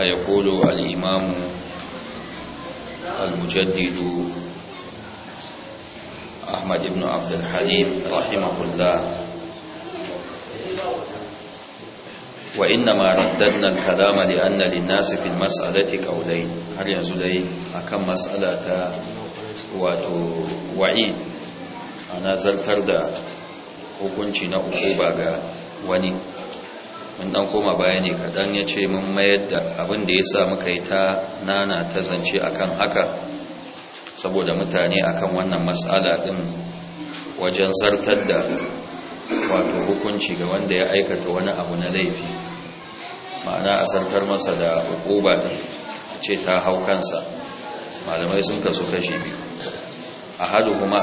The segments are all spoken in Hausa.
يقول الإمام المجدد أحمد بن عبد الحليم رحمه الله وإنما رددنا الكلام لأن للناس في المسألة قولين هل ينزلي أكم مسألة وعيد أنا زلتر da وكنت na وني mun dan koma bayani kadan ya ce mun mayar da abin da ya sa muka yi ta nana ta zance akan haka saboda mutane akan wannan mas'ala din wajen zartar da wato hukunci ga wanda ya aikata wani abu na laifi ma'ana a zartar masa da hukuba din ce ta hau kansa malamai sun kasu kashi biyu kuma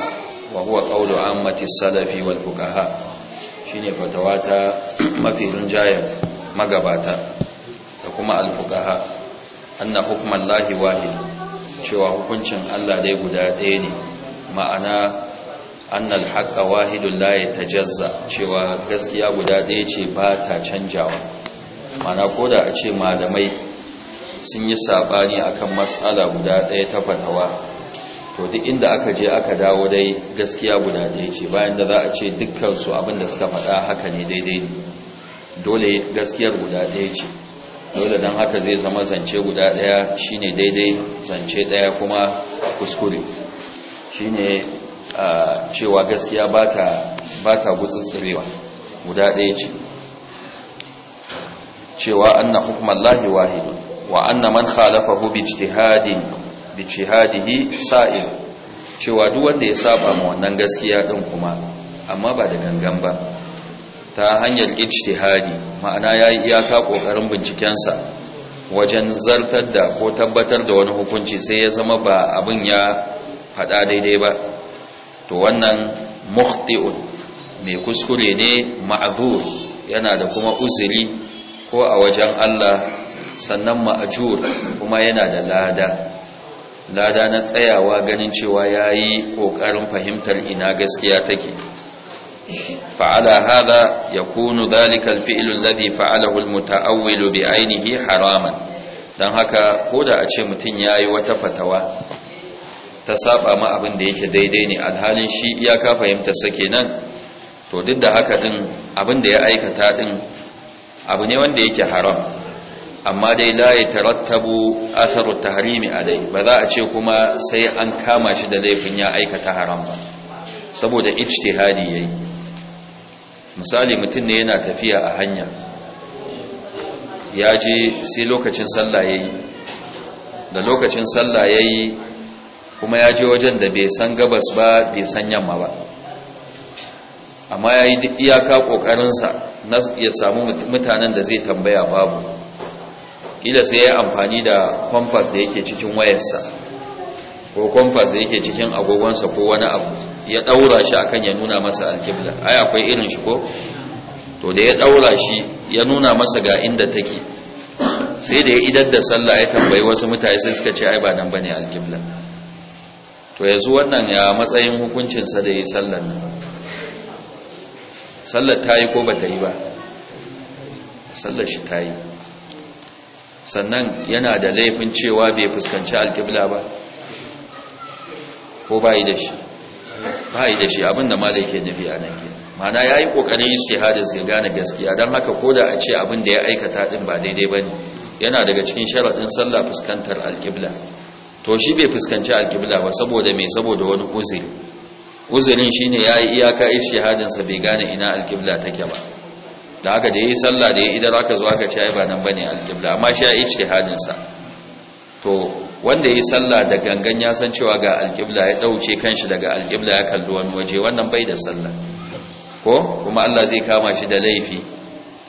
wa huwa qawlu ammati salafi wal fuqaha shine fatawa ta mafi rinjayen magabata da kuma alfuqaha anna hukman lahi wahid cewa hukuncin Allah dai guda ɗaya ne ma'ana anna alhaqqa wahidun ta jazza. cewa gaskiya guda ɗaya ce ba ta canjawa mana koda a ce malamai sun yi sabani akan matsala guda ɗaya ta fatawa to duk inda aka je aka dawo dai gaskiya guda ɗaya ce bayan da za a ce dukkansu abinda suka faɗa haka ne daidai ne dole gaskiyar guda ɗaya ce dole don haka zai zama zance guda ɗaya shine daidai zance ɗaya kuma kuskure shine cewa gaskiya ba ta gutsutsurewa guda ɗaya ce cewa anna hukmallahi wahidun wa anna man khalafahu bi ijtihadin jihadihi sa'il cewa duk wanda ya saba ma wannan gaskiya din kuma amma ba da gangan ba ta hanyar ijtihadi ma'ana yayi iyaka kokarin binciken sa wajen zartar da ko tabbatar da wani hukunci sai ya zama ba abin ya fada daidai ba to wannan muhti'un mai kuskure ne ma'zur yana da kuma uzuri ko a wajen Allah sannan ma'ajur kuma yana da lada lada na tsayawa ganin cewa ya yi ƙoƙarin fahimtar ina gaskiya take fa'ala hada ya kunu zalikal fi'ilun ladi fa'alahul muta'awwilu bi ainihi haraman don haka ko da a ce mutum ya yi wata fatawa ta saba ma abin da yake daidai ne alhalin shi ya iyaka fahimta sake nan to duk da haka din abin da ya aikata din abu ne wanda yake haram amma dai la ya tarattabu atharu tahrimi alai ba za a ce kuma sai an kama shi da laifin ya aikata haram ba saboda ijtihadi yayi misali mutum ne yana tafiya a hanya ya je sai lokacin sallah yayi da lokacin sallah yayi kuma ya je wajen da bai san gabas ba bai san yamma ba amma yayi duk iyaka kokarin ya samu mutanen da zai tambaya babu kila sai ya amfani da compass da yake cikin wayarsa ko compass da yake cikin agogonsa ko wani abu ya daura shi akan ya nuna masa alkibla ai akwai irin shi ko to da ya daura shi ya nuna masa ga inda take sai da ya idar da sallah ya tambayi wasu mutane sai suka ce ai ba nan bane alkibla to yanzu wannan ya matsayin hukuncin sa da yi sallar nan sallar ta yi ko ba ta yi ba sallar shi ta yi sannan yana da laifin cewa bai fuskanci alƙibla ba ko ba yi da shi ba yi da shi abinda malai ke nufi a nan gina mana ya yi ƙoƙarin istihadis su gane gaskiya don haka ko da a ce abinda da ya aikata ɗin ba daidai ba ne yana daga cikin sharaɗin sallah fuskantar alƙibla to shi bai fuskanci alƙibla ba saboda mai saboda wani uzuri uzurin shine ya yi iyaka istihadinsa bai gane ina alƙibla take ba da haka da ya yi sallah da ya idan aka zo aka ce ba nan bane alqibla amma shi ya yi sa to wanda ya yi sallah da gangan ya san cewa ga alkibla ya dauce kanshi daga alkibla ya kalli wani waje wannan bai da sallah ko kuma Allah zai kama shi da laifi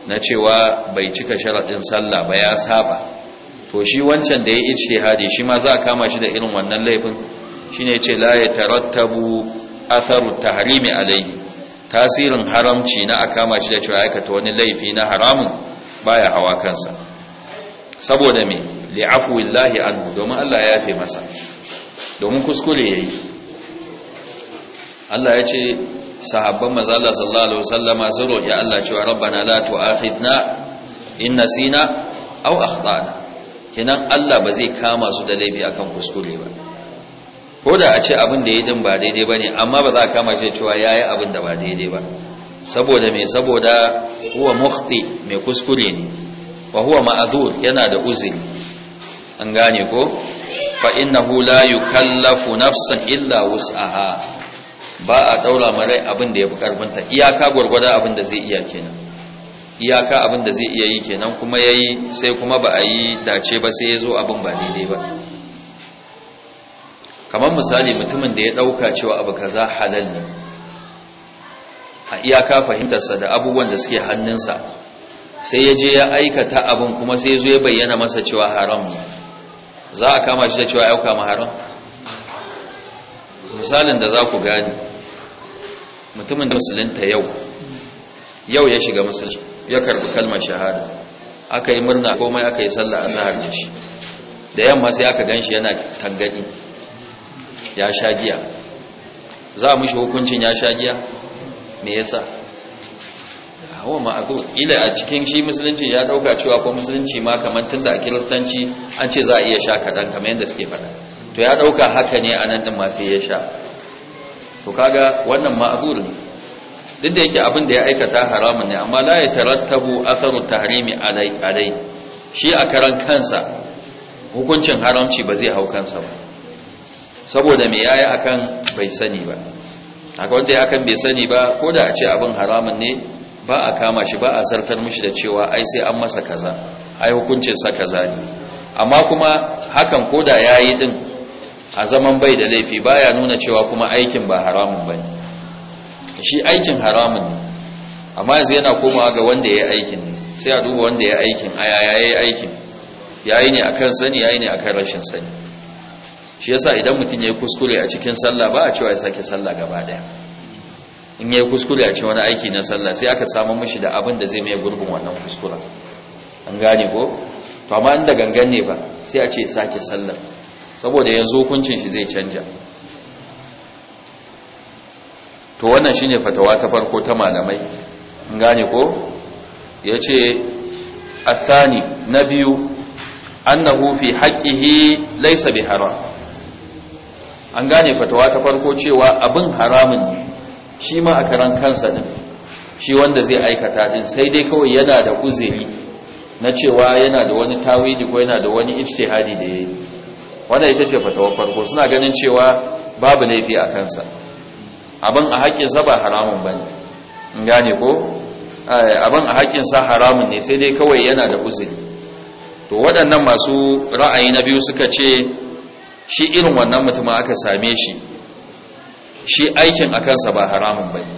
na cewa bai cika sharaɗin sallah ba ya saba to shi wancan da ya yi ijtihadi shi ma za a kama shi da irin wannan laifin shine ce la ya tarattabu atharu tahrimi alayhi tasirin haramci na a kama shi da cewa aikata wani laifi na haramun baya hawa kansa saboda me li'afwillahi anhu domin Allah ya yafe masa domin kuskure ya yi, Allah ya ce sahabban mazala sallallahu alaihi wasallama sun roƙi Allah cewa rabbana la tu'akhidna in nasina aw akhtana kenan Allah ba zai kama su da laifi akan kuskure ba ko da a ce abin da ya din ba daidai ba ne amma ba za a kama shi cewa ya yi abin da ba daidai ba saboda mai saboda huwa mukhti mai kuskure ne wa huwa ma'azur yana da uzuri an gane ko fa innahu la yukallafu nafsan illa wus'aha ba a daura marai abin da ya yafi karfinta iyaka gurgurda abin da zai iya kenan iyaka abin da zai iya yi kenan kuma yayi sai kuma ba a yi dace ba sai yazo abin ba daidai ba kamar misali mutumin da ya dauka cewa abu kaza halal ne a iyaka fahimtarsa da abubuwan da suke hannunsa sai ya je ya aikata abin kuma sai ya zo ya bayyana masa cewa haram ne za a kama shi da cewa ya kama haram misalin da za ku gani mutumin da musulunta yau yau ya shiga musulci ya karbi kalmar shahada aka yi murna komai aka yi sallah a zahar da shi da yamma sai aka gan shi yana tangadi ya sha giya za mu shi hukuncin ya sha giya me yasa hawa ma'azu ila a cikin shi musulunci ya dauka cewa ko musulunci ma kamar tunda a kiristanci an ce za a iya sha kadan kamar yadda suke faɗa to ya dauka haka ne a nan din ma sai ya sha to kaga wannan ma'azur ne duk da yake abin da ya aikata haramun ne amma la tarattabu atharu tahrimi alai alai shi a karan kansa hukuncin haramci ba zai hau kansa ba saboda me yayi akan bai sani ba akwai wanda ya akan bai sani ba ko da a ce abin haramun ne ba a kama shi ba a zartar mishi da cewa ai sai an masa kaza ai hukuncin sa kaza ne amma kuma hakan ko da yayi din a zaman bai da laifi baya nuna cewa kuma aikin ba haramun bane shi aikin haramun ne amma yanzu yana komawa ga wanda ya aikin ne sai a duba wanda ya aikin a yaya ya aikin yayi ne akan sani yayi ne akan rashin sani shi yasa idan mutum ya yi kuskure a cikin sallah ba a cewa ya sake sallah gaba daya in yi kuskure a cikin wani aiki na sallah sai aka samu mushi da abin da zai mai gurbin wannan kuskura an gane ko to amma inda gangan ne ba sai a ce sake sallah saboda yanzu hukuncin shi zai canja to wannan shine fatawa ta farko ta malamai an gane ko yace athani na biyu annahu fi haqqihi laysa bi haram an gane fatawa ta farko cewa abin haramun ne shi ma a karan kansa din shi wanda zai aikata din sai dai kawai yana da uzuri na cewa yana da wani tawidi ko yana da wani ijtihadi da yayi wanda ita ce fatawar farko suna ganin cewa babu laifi a kansa abin a haƙƙin sa ba haramun bane in gane ko eh, abin a haƙƙin sa haramun ne sai dai kawai yana da uzuri to waɗannan masu ra'ayi na biyu suka ce shi irin wannan mutumin aka same shi shi aikin a kansa ba haramun ba ne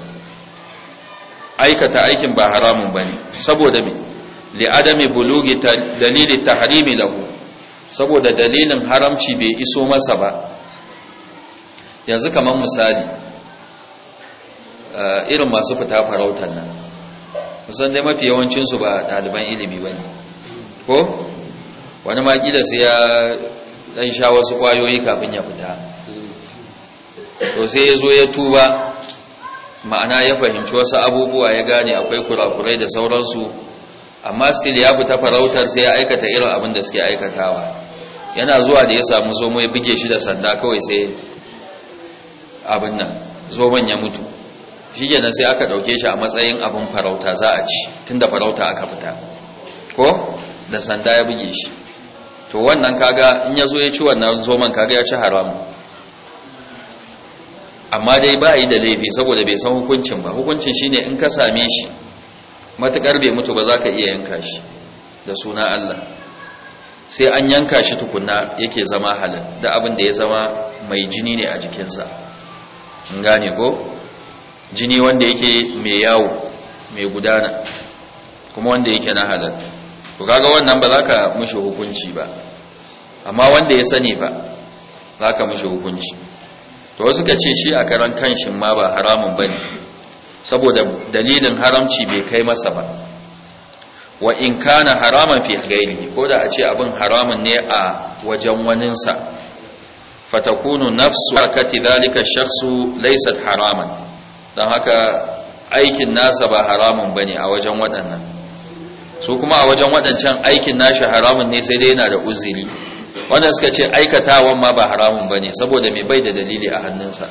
aikata aikin ba haramun ba ne saboda li'adami bulugi dalili tahrimi lahu saboda dalilin haramci bai iso masa ba yanzu kamar misali eh, irin masu fita farautar nan musan dai mafi yawancinsu ba ɗaliban ilimi ba ne ko wani ma ya dan sha wasu kwayoyi kafin ya fita to sai ya zo ya tuba ma'ana ya fahimci wasu abubuwa ya gane akwai kurakurai da sauransu amma still ya fita farautar sai ya aikata irin abin da suke aikatawa yana zuwa da ya samu zomo ya buge shi da sanda kawai sai abin nan zomon ya mutu shi kenan sai aka ɗauke shi a matsayin abin farauta za a ci tun da farauta aka fita ko da sanda ya buge shi to wannan kaga in ya zo ya ci wannan zoman kaga ya ci haram amma dai ba yi da laifi saboda bai san hukuncin ba hukuncin shine in ka same shi matukar bai mutu ba za ka iya yanka shi da suna Allah sai an yanka shi tukunna yake zama halal da abin da ya zama mai jini ne a jikinsa in gane ko jini wanda yake mai yawo mai gudana kuma wanda yake na halal to kaga wannan ba za ka mushi hukunci ba amma wanda ya sani ba za ka mishi hukunci to wasu ka ce shi a karan kanshin ma ba haramun ba ne saboda dalilin haramci bai kai masa ba wa in kana haraman fi gaini ko da a ce abin haramun ne a wajen waninsa fatakunu nafsu akati dalika shafsu laisat haraman don haka aikin nasa ba haramun ne a wajen waɗannan su kuma a wajen waɗancan aikin nashi haramun ne sai dai yana da uziri. wanda suka ce aikatawan ma ba haramun bane saboda mai bai da dalili a hannunsa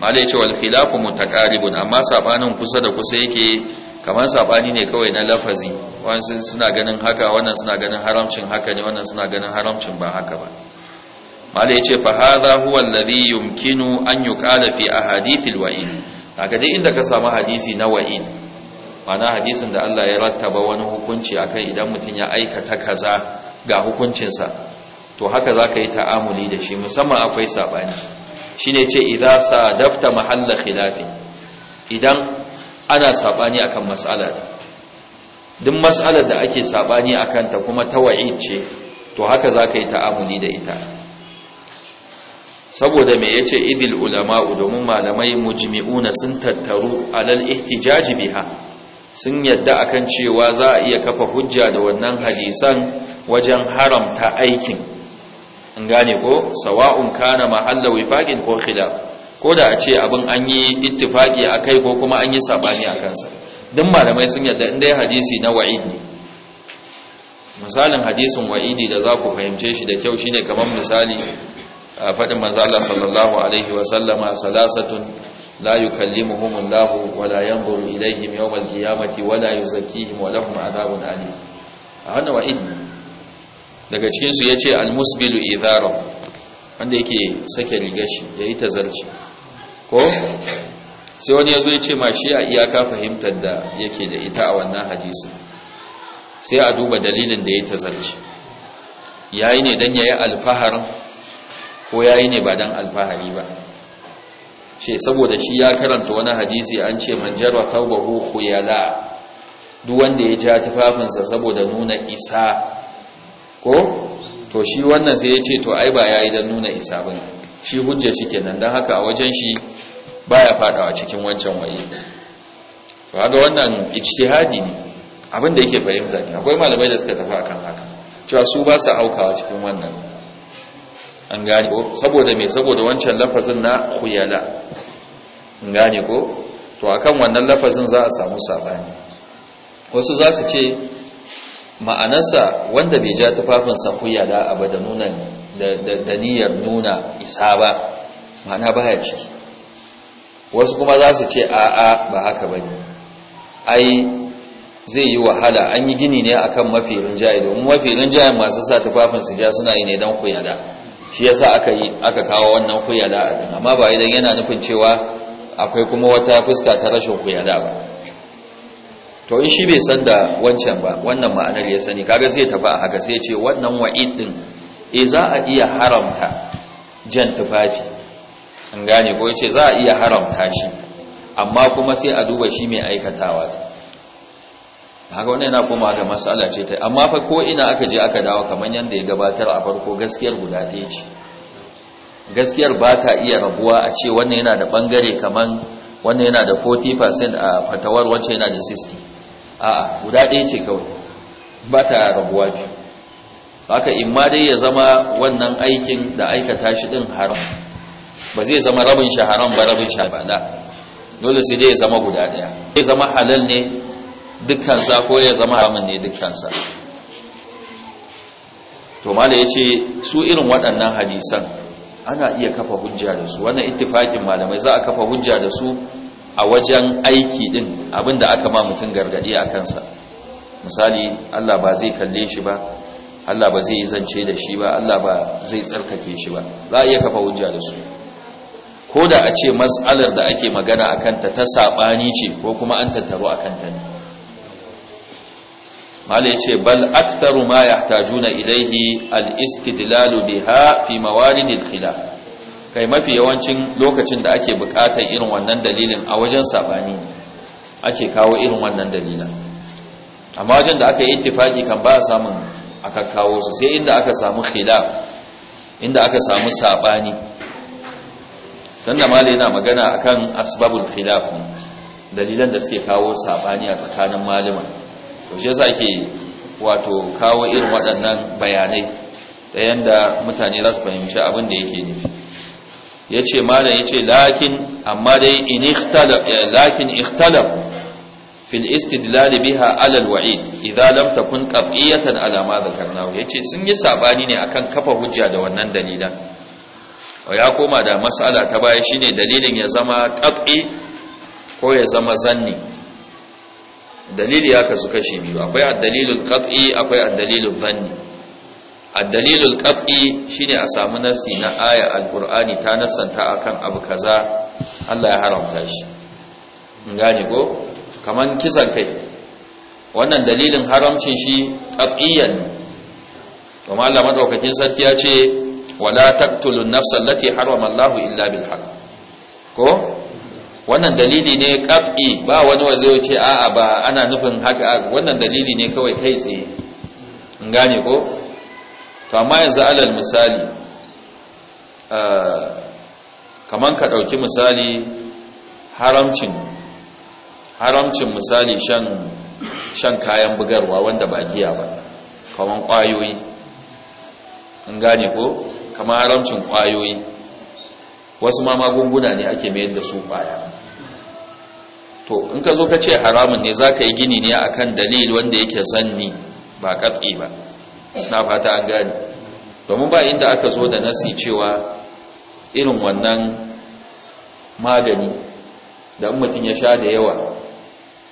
malai ce wal ta mutaqaribun amma sabanin kusa da kusa yake kamar sabani ne kawai na lafazi wani suna ganin haka wannan suna ganin haramcin haka ne wannan suna ganin haramcin ba haka ba malai ce fa hadha huwa alladhi yumkinu an yuqala a ahadithil wa'id haka dai inda ka samu hadisi na wa'id mana hadisin da Allah ya rattaba wani hukunci akan idan mutum ya aikata kaza ga hukuncinsa to haka za ka yi ta'amuli da shi musamman akwai saɓani shi ne ce idan sa dafta mahalla khilafi idan ana saɓani akan mas'ala duk mas'alar da ake saɓani akan ta kuma ta wa'id ce to haka za ka yi ta'amuli da ita saboda me yace idil ulama'u domin malamai mujmi'una sun tattaru alal ihtijaji biha sun yadda akan cewa za a iya kafa hujja da wannan hadisan wajen haramta aikin in gane ko sawa'un kana mahalla wifaqin ko khilaf ko da a ce abin an yi ittifaqi akai ko kuma an yi sabani akan sa duk malamai sun yarda indai hadisi na wa'id ne misalin hadisin wa'idi da za ku fahimce shi da kyau shine kamar misali fadin manzo Allah sallallahu alaihi wa sallama salasatun la Allah wa la yanzuru ilayhim al qiyamati wa la yuzakkihim wa lahum adhabun alim a wannan wa'idi daga cikinsu ya ce almusbilu idharon wanda yake sake rigar shi ya yi ta zarci ko sai wani ya zo ya ce ma shi a iyaka fahimtar da yake da ita a wannan hadisi, sai a duba dalilin da ya ta zarci ya yi ne don ya yi alfaharin ko ya yi ne ba don alfahari ba ce saboda shi ya karanta wani hadisi an ce man jarwa taubahu khuyala duk wanda ya ja tufafinsa saboda nuna isa ko to shi wannan sai ya ce to ai ba ya yi dan nuna isa ba shi hujja shi kenan dan haka a wajen shi baya fadawa cikin wancan waye to haka wannan ijtihadi ne abin da yake fahimta ne akwai malamai da suka tafi akan haka cewa su ba su aukawa cikin wannan an gane ko saboda me saboda wancan lafazin na khuyala an gane ko to akan wannan lafazin za a samu sabani wasu za su ce ma'anarsa wanda bai ja tufafinsa huya da abu da nuna da niyyar nuna isa ba ma'ana baya ciki wasu kuma za su ce a'a ba haka ba ne ai zai yi wahala an yi gini ne akan mafi rinjaye domin mafi jayi masu sa tufafin su ja suna yi ne don da, shi ya sa aka kawo wannan kuyada a amma ba idan yana nufin cewa akwai kuma wata fuska ta rashin da ba to in shi bai san da wancan ba wannan ma'anar ya sani kaga zai tafi a haka sai ce wannan wa'id din e eh, za a iya haramta jan tufafi an gane ko yace za a iya haramta shi amma kuma sai a duba shi mai aikatawa haka wannan yana koma ga mas'ala ce ta amma fa ko ina aka je aka dawo kamar yanda ya gabatar a farko gaskiyar guda ɗaya ce gaskiyar ba ta iya rabuwa a ce wannan yana da bangare kaman wannan yana da 40% a fatawar wancan yana da 60 a'a guda ɗaya ce kawai ba ta rabuwa ce haka in ma dai ya zama wannan aikin da aikata shi ɗin haram ba zai zama rabin shi haram ba rabin shi ba da dole sai dai ya zama guda ɗaya zai zama halal ne dukkansa ko ya zama haramun ne dukkansa to da ya ce su irin waɗannan hadisan ana iya kafa hujja da su wannan ittifakin malamai za a kafa hujja da su a wajen aiki din abinda aka ma mutum gargadi a kansa misali Allah ba zai kalle shi ba Allah ba zai zance da shi ba Allah ba zai tsarkake shi ba za a iya kafa hujja da su ko da a ce matsalar da ake magana a kanta ta saɓani ce ko kuma an tattaro a kanta ne mala ya ce bal aktaru ma ya tajuna ilaihi al-istidlalu biha fi mawalidil khilaf kai mafi yawancin lokacin da ake bukatar irin wannan dalilin a wajen sabani ake kawo irin wannan dalilin amma wajen da aka yi ittifaki kan ba samun aka kawo su sai inda aka samu khilaf inda aka samu sabani dan da malai yana magana akan asbabul khilaf dalilan da suke kawo sabani a tsakanin malama to shi yasa ake wato kawo irin waɗannan bayanai ta yanda mutane za su fahimci abin da yake nufi ya ce malam ya ce lakin amma dai eh, lakin ikhtalaf fil istidlali biha alal wa'id idza lam takun qat'iyatan ala ma ya yace sun yi sabani ne akan kafa hujja da wannan dalilan ya koma da mas'ala ta baya shine dalilin ya zama qat'i ko ya zama zanni dalili ya kasu kashi biyu akwai ad-dalilul qat'i akwai ad-dalilul zanni addalilul qat'i shine a samu nasi na aya alqur'ani ta nasanta akan abu kaza Allah ya haramta shi gane ko kaman kisan kai wannan dalilin haramcin shi qat'iyan kuma Allah madaukakin sarki ya ce wala taqtulun nafsal lati harrama Allahu illa bil haqq ko wannan dalili ne qat'i ba wani wazo ya ce a'a ba ana nufin haka wannan dalili ne kawai kai tsaye gane ko to amma yanzu alal misali kaman ka ɗauki misali haramcin haramcin misali shan shan kayan bugarwa wanda ba giya ba kaman ƙwayoyi in gane ko kaman haramcin ƙwayoyi wasu ma magunguna ne ake mayar da su ƙwaya to in ka zo ka ce haramun ne za ka yi gini ne akan dalil wanda yake sanni ba ƙat'i ba na fata an gani domin ba inda aka zo da nasi cewa irin wannan magani da mutum ya sha da yawa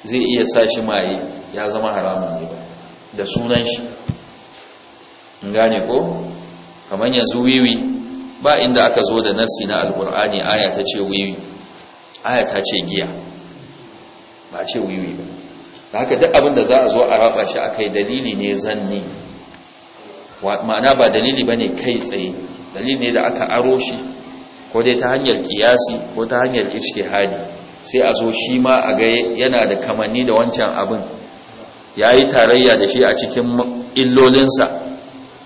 zai iya sa shi maye ya zama haramun ne ba da sunan shi gane ko kamar yanzu wiwi ba inda aka zo da nasi na alkur'ani aya ta ce wiwi aya ta ce giya ba ce wiwi ba da haka duk abin da za a zo a raba shi a kai dalili ne zanni ma'ana ba dalili ba ne kai tsaye dalili ne da aka aro shi ko dai ta hanyar kiyasi ko ta hanyar ijtihadi sai a zo shi ma a ga yana da kamanni da wancan abin ya yi tarayya da shi a cikin illolinsa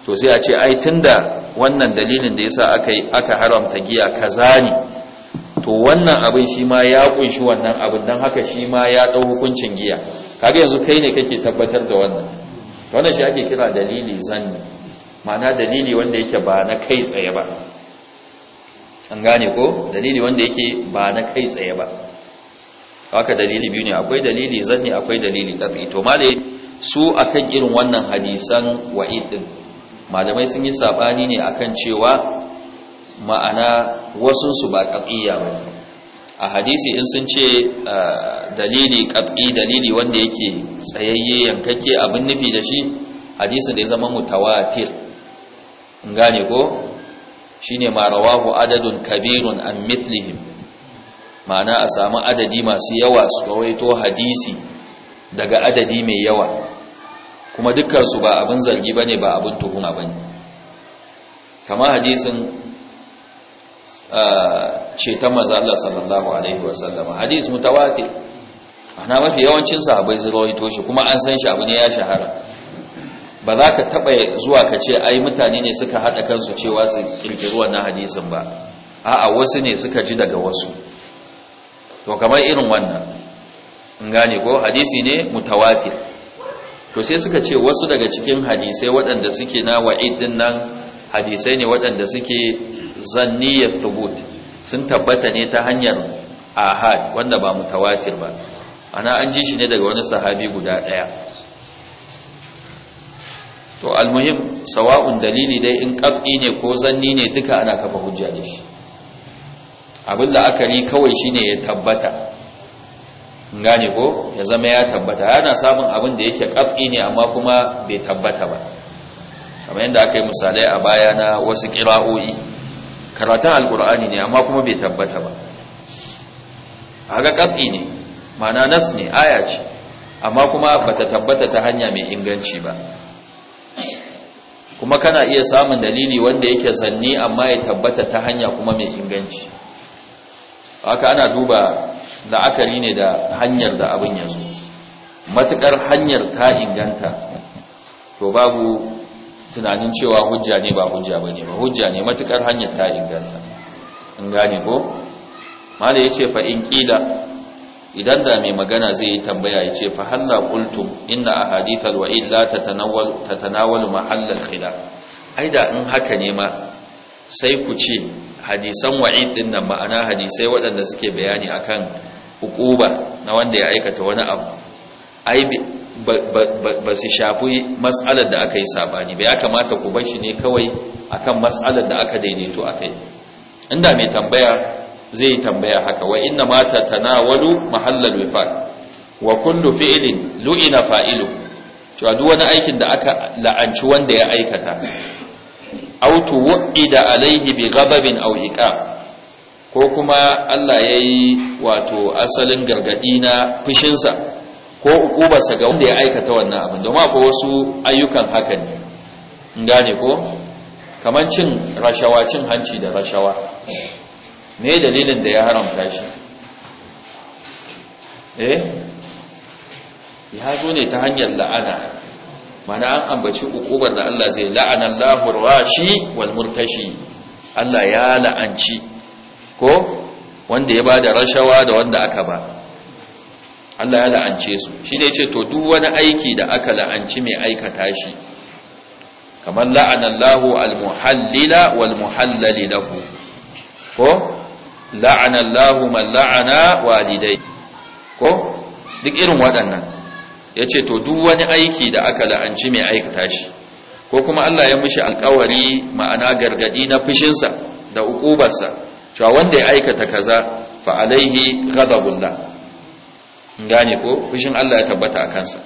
to sai a ce ai tun da wannan dalilin da yasa aka aka haramta giya kaza ne to wannan abin shi ma ya kunshi wannan abin dan haka shi ma ya dau hukuncin giya kaga yanzu kai ne kake tabbatar da wannan wannan shi ake kira dalili zanni ma'ana dalili wanda yake ba na kai tsaye ba an gane ko dalili wanda yake ba na kai tsaye ba haka dalili biyu ne akwai dalili zanni akwai dalili tafi to malai su akan irin wannan hadisan wa'id din malamai sun yi sabani ne akan cewa ma'ana wasun su ba qat'iyya ba a hadisi in sun ce dalili qat'i dalili wanda yake tsayayye yankake abin nufi da shi hadisin da ya zama mutawatir gane ko shine ma rawahu adadun kabirun an mithlihim ma'ana a samu adadi masu yawa su rawaito hadisi daga adadi mai yawa kuma dukkan su ba abin zargi bane ba abin tuhuma bane kama hadisin ceton maza Allah sallallahu alaihi wasallam hadisi mutawatir ana mafi yawancin sahabbai su rawaito shi kuma an san shi abu ne ya shahara ba za ka taɓa zuwa ka ce ai mutane ne suka haɗa kansu cewa su ƙirƙiri wannan hadisin ba a'a wasu ne suka ji daga wasu to kamar irin wannan in gane ko hadisi ne mutawatir to sai suka ce wasu daga cikin hadisai waɗanda suke na wa'id nan hadisai ne waɗanda suke zanniyar tubut sun tabbata ne ta hanyar ahad wanda ba mutawatir ba ana an ji shi ne daga wani sahabi guda ɗaya to almuhim sawa'un dalili dai in qat'i ne ko zanni ne duka ana kafa hujja da shi abin da aka ri kawai shine ya tabbata gane ko ya zama ya tabbata yana samun abin da yake qat'i ne amma kuma bai tabbata ba kamar yadda aka yi misalai a baya na wasu kira'o'i karatun alkur'ani ne amma kuma bai tabbata ba aga qat'i ne ma'ana nas ne aya ce amma kuma bata tabbata ta hanya mai inganci ba kuma kana iya samun dalili wanda yake sanni amma ya tabbata ta hanya kuma mai inganci haka ana duba la'akari ne da hanyar da abin ya zo matuƙar hanyar ta inganta to babu tunanin cewa hujja ne ba hujja ba ne ba hujja ne matuƙar hanyar ta inganta in gane ko mala ya ce fa'in ƙila idan da mai magana zai yi tambaya ya ce fa halla qultum inna ahadithal wa illa tatanawwal tatanawwal mahallal khilaf ai da in haka ne ma sai ku ce hadisan wa'id din nan ma'ana hadisai waɗanda suke bayani akan hukuba na wanda ya aikata wani abu ai ba su shafi masalar da aka yi sabani ba ya kamata ku bar shi ne kawai akan masalar da aka daidaito akai inda mai tambaya zai tambaya haka wa inna mata tanawalu mahallal wifaq wa kullu fi'lin lu'ina fa'ilu. cewa duk wani aikin da aka la'anci wanda ya aikata aw tuwida alaihi bi ghadabin aw iqab ko kuma Allah yayi wato asalin gargadi na fushinsa ko sa ga wanda ya aikata wannan abin domin akwai wasu ayyukan haka ne gane ko kaman cin rashawa cin hanci da rashawa ne dalilin da ya haramta shi eh ya zo ne ta hanyar la'ana mana an ambaci ukubar da Allah zai la'ana Allahur washi wal murtashi Allah ya la'anci ko wanda ya bada rashawa da wanda aka ba Allah ya la'ance su shine yace to duk wani aiki da aka la'anci mai aikata shi kamar la'ana Allahu al muhallila wal muhallali lahu ko La'anallahu Allahu man la'ana walidai ko duk irin waɗannan yace to duk wani aiki da aka la'anci mai aikata shi ko kuma Allah ya mishi alƙawari ma'ana gargadi na fushinsa da ukubarsa cewa wanda ya aikata kaza fa alaihi ghadabullah gane ko fushin Allah ya tabbata a kansa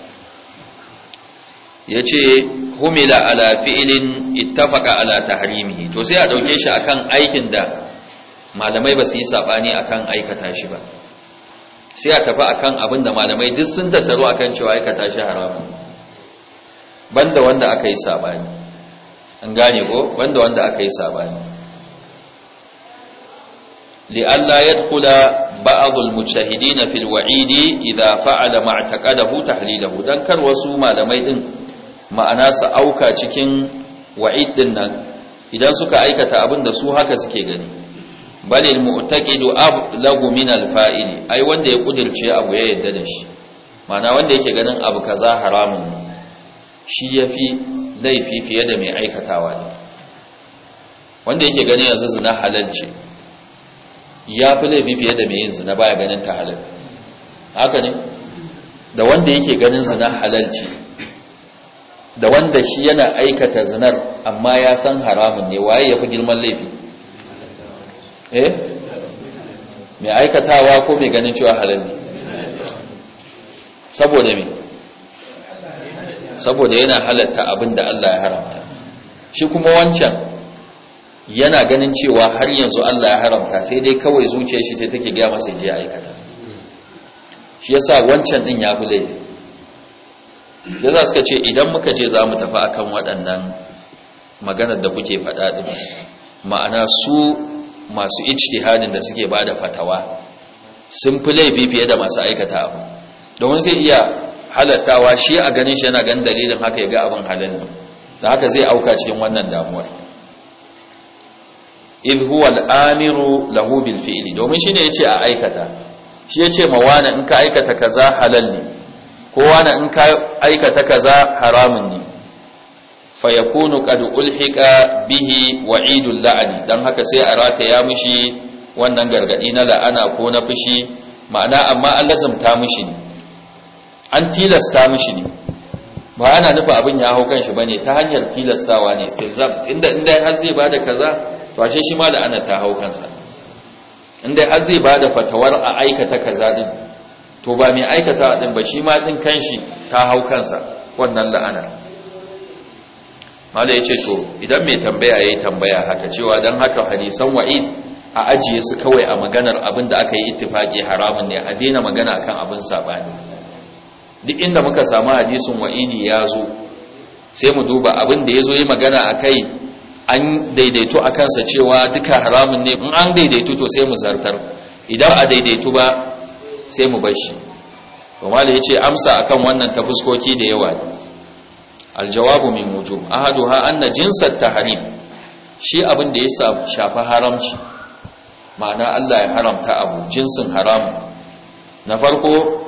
yace humila ala fi'lin ittafaqa ala tahrimihi to sai a dauke shi akan aikin da malamai ba su yi saɓani akan aikata shi ba sai a tafi akan abinda malamai duk sun tattaro akan cewa aikata shi haramun banda wanda aka yi saɓani an gane ko banda wanda aka yi saɓani li'alla yadkhula ba'd al-mujtahidin fi al-wa'id idha fa'ala ma tahlilahu dan kar wasu malamai din ma'ana su auka cikin wa'id din nan idan suka aikata abinda su haka suke gani balil mu'taqidu ablagu min alfa'ili ai wanda ya kudirce abu ya yadda da shi mana wanda yake ganin abu kaza haramun shi yafi laifi fiye da mai aikatawa ne wanda yake ganin yanzu zina halal ce yafi laifi fiye da mai yin zina baya ganin ta halal haka ne da wanda yake ganin zina halal ce da wanda shi yana aikata zinar amma ya san haramun ne waye yafi girman laifi eh mai aikatawa ko mai ganin cewa halal ne saboda me saboda yana halatta abinda Allah ya haramta shi kuma wancan yana ganin cewa har yanzu Allah ya haramta sai dai kawai zuciyar shi ce take ga masa je aikata shi yasa wancan din ya fi laifi yasa suka ce idan muka je za mu tafi akan waɗannan maganar da kuke faɗa ɗin ma'ana su masu ijtihadin da suke bada fatawa sun fi laifi fiye da masu aikata abu domin zai iya halattawa shi a ganin shi yana gan dalilin haka ya ga abin halin nan da haka zai auka cikin wannan damuwar idh huwa al-amiru lahu bil fi'li domin shine yace a aikata shi yace ma wani in ka aikata kaza halal ne ko wani in ka aikata kaza haramun ne fayakunu qad ulhiqa bihi wa'idul la'ani dan haka sai a rataya mishi wannan gargadi na la'ana ko na fushi ma'ana amma an lazumta mishi ne an tilasta mishi ne ba ana nufin abin ya hau kanshi bane ta hanyar tilastawa ne istilzam inda inda har zai bada kaza to ashe shi ma la'ana ta hau kansa inda har zai bada fatawar a aikata kaza din to ba mai aikata din ba shi ma din kanshi ta hau kansa wannan la'ana malai yace to idan mai tambaya yayi tambaya haka cewa dan haka hadisan wa'id a ajiye su kawai a maganar abin da aka yi ittifaki haramun ne a daina magana akan abin sabani duk inda muka samu hadisin wa'idi ya zo sai mu duba abin da ya zo yi magana akai an daidaito a kansa cewa duka haramun ne in an daidaito to sai mu zartar idan a daidaito ba sai mu bar shi kuma da yace amsa akan wannan ta fuskoki da yawa aljawabu min wujub ahaduha anna jinsat tahrim shi abin da ya shafa haramci ma'ana Allah ya haramta abu jinsin haramu na farko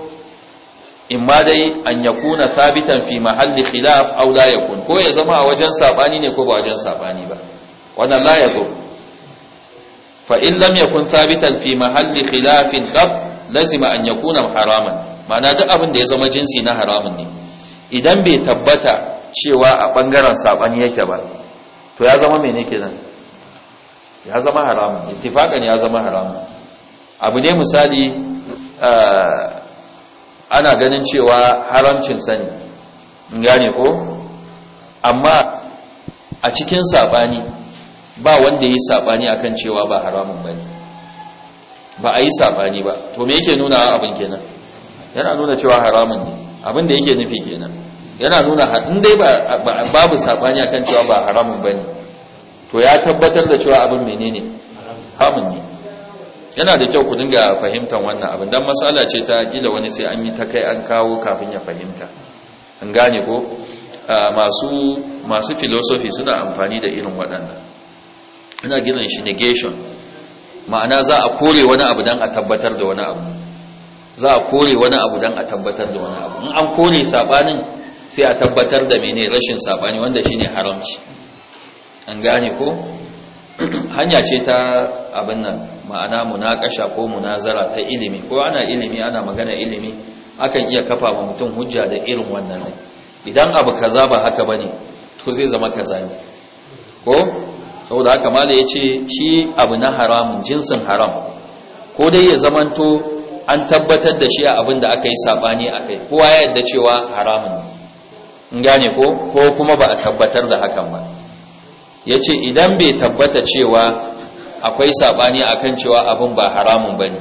in ma dai an yakuna thabitan fi mahalli khilaf aw la yakun ko ya zama a wajen sabani ne ko ba wajen sabani ba wannan la yazo fa in lam yakun thabitan fi mahalli khilafin qab lazima an yakuna haraman ma'ana duk abin da ya zama jinsi na haramun ne idan bai tabbata cewa a ɓangaren saɓani yake ba to ya zama mene kenan ya zama haramun ittifaƙan ya zama haramun abu ne misali ana ganin cewa haramcin sani gane ko amma a cikin saɓani ba wanda yi saɓani akan cewa ba haramun ba ne ba a yi saɓani ba to me yake nuna abin kenan yana nuna cewa haramun ne abin da yake nufi kenan yana nuna hadin dai babu sabani akan cewa ba haramun bane to ya tabbatar da cewa abin mene ne haramun ne yana da kyau ku dinga fahimtar wannan abin dan masala ce ta kila wani sai an yi ta kai an kawo kafin ya fahimta an gane ko masu masu philosophy suna amfani da irin waɗannan ina gidan shi negation ma'ana za a kore wani abu dan a tabbatar da wani abu za a kore wani abu dan a tabbatar da wani abu in an kore sabanin sai a tabbatar da mene rashin sabani wanda shi ne haramci an gane ko hanya ce ta abin nan ma'ana munakasha ko munazara ta ilimi ko ana ilimi ana magana ilimi akan iya kafa wa mutum hujja da irin wannan ne idan abu kaza ba haka bane to zai zama kaza ne ko saboda haka ya ce shi abu na haramun jinsin haram ko dai ya zamanto an tabbatar da shi a abin da aka yi sabani akai kowa ya yadda cewa haramun ne in gane ko ko kuma ba a tabbatar da hakan ba ya ce idan bai tabbata cewa akwai saɓani akan cewa abin ba haramun ba ne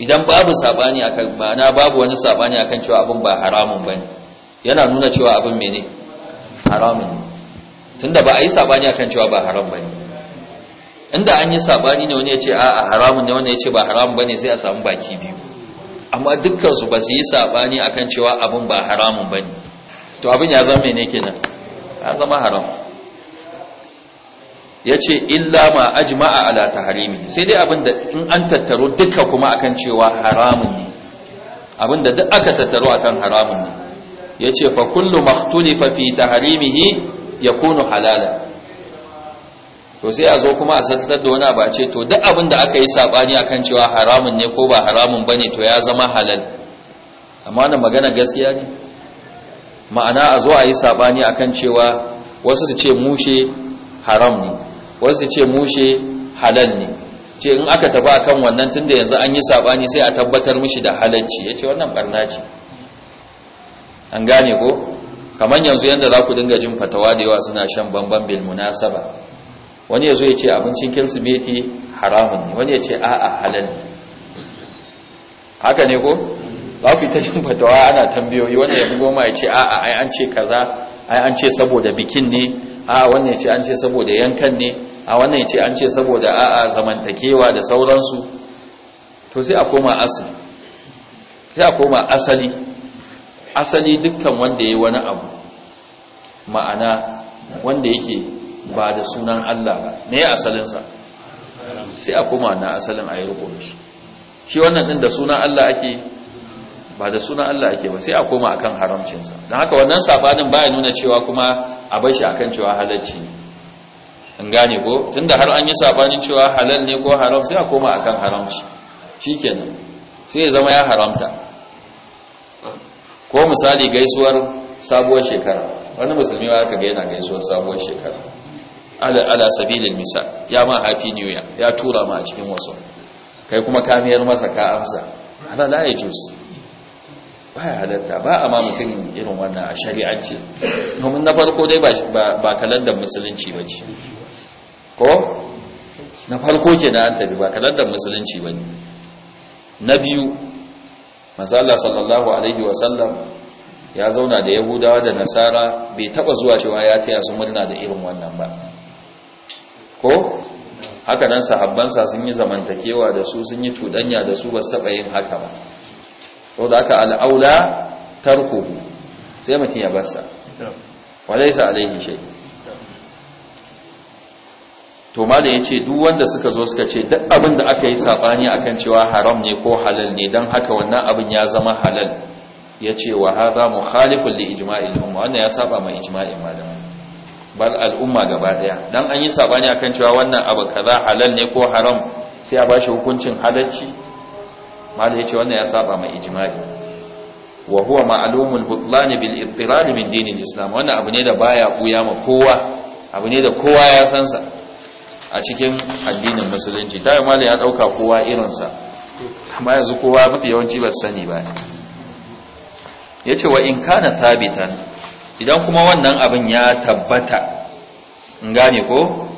idan babu saɓani akan ma'ana babu wani saɓani akan cewa abin ba haramun ba ne yana nuna cewa abin mene haramun ne tunda ba a yi saɓani akan cewa ba haram ba ne inda an yi saɓani ne wani ya ce a haramun ne wani ya ce ba haramun ba ne sai a samu baki biyu amma dukkansu ba su yi saɓani akan cewa abin ba haramun ba ne to abin ya zama ke kenan ya zama haram ya ce illa ma ajma'a ala taharimi sai dai abin da in an tattaro duka kuma akan cewa haramun ne abin da duk aka tattaro akan haramun ne ya ce fa kullu makhtulifa fi taharimihi yakunu halala to sai a zo kuma a sattar da wani ba ce to duk abin da aka yi saɓani akan cewa haramun ne ko ba haramun ba ne to ya zama halal amma na magana gaskiya ne ma'ana a zo a yi sabani akan cewa wasu su ce mushe haram ne wasu su ce mushe halal ne ce in aka tafi akan wannan tunda yanzu an yi sabani sai a tabbatar mishi da halacci yace wannan barna ce an gane ko kamar yanzu yadda za ku dinga jin fatawa da yawa suna shan bambam bil munasaba wani yazo ya ce abincin kirsimeti haramun ne wani ya ce a'a halal ne haka ne ko ba ku yi ta cin fatawa ana tambayoyi wanda ya fi goma ya ce a'a ai an ce kaza ai an ce saboda bikin ne a'a wannan ya ce an ce saboda yankan ne a wannan ya ce an ce saboda a'a zamantakewa da sauransu to sai a koma asali sai a koma asali asali dukkan wanda ya yi wani abu ma'ana wanda yake ba da sunan Allah ba me asalinsa sai a koma na asalin a yi rukun shi wannan ɗin da sunan Allah ake ba da suna Allah ake ba sai a koma akan haramcinsa don haka wannan sabanin baya nuna cewa kuma a bar shi akan cewa ne in gane ko tunda har an yi sabanin cewa halal ne ko haram sai a koma akan haramci shikenan sai ya zama ya haramta ko misali gaisuwar sabuwar shekara wani musulmi ka kaga yana gaisuwar sabuwar shekara ala ala sabilil misal ya ma happy new year ya tura ma a cikin wasu kai kuma kamiyar masa ka amsa ala la ya juice baya halatta ba a ma mutum irin wannan a shari'ance domin na farko dai ba kalandar musulunci ba ce ko na farko ke na an tafi ba kalandar musulunci ba ne na biyu masala sallallahu alaihi wasallam ya zauna da yahudawa da nasara bai taba zuwa cewa ya taya su murna da irin wannan ba ko haka nan sahabbansa sun yi zamantakewa da su sun yi cuɗanya da su ba su taɓa yin haka ba da aka al'aula tarkuhu sai mutum ya barsa walaisa alaihi shay to malam yace duk wanda suka zo suka ce duk abin da aka yi sabani akan cewa haram ne ko halal ne dan haka wannan abin ya zama halal yace wa hadha mukhalifun li ijma'il umma wannan ya saba ma ijma'in malamai bal al'umma gaba daya dan an yi sabani akan cewa wannan abu kaza halal ne ko haram sai a bashi hukuncin halalci malu yace ce wannan ya saba mai ijima'i wa huwa ma'alumul butlani bil ittirad min dinin islam wannan abu ne da baya buya ma kowa abu ne da kowa ya san sa a cikin addinin musulunci dai malu ya dauka kowa irin sa amma yanzu kowa mafi yawanci ba sani ba yace wa in kana thabitan idan kuma wannan abin ya tabbata in gane ko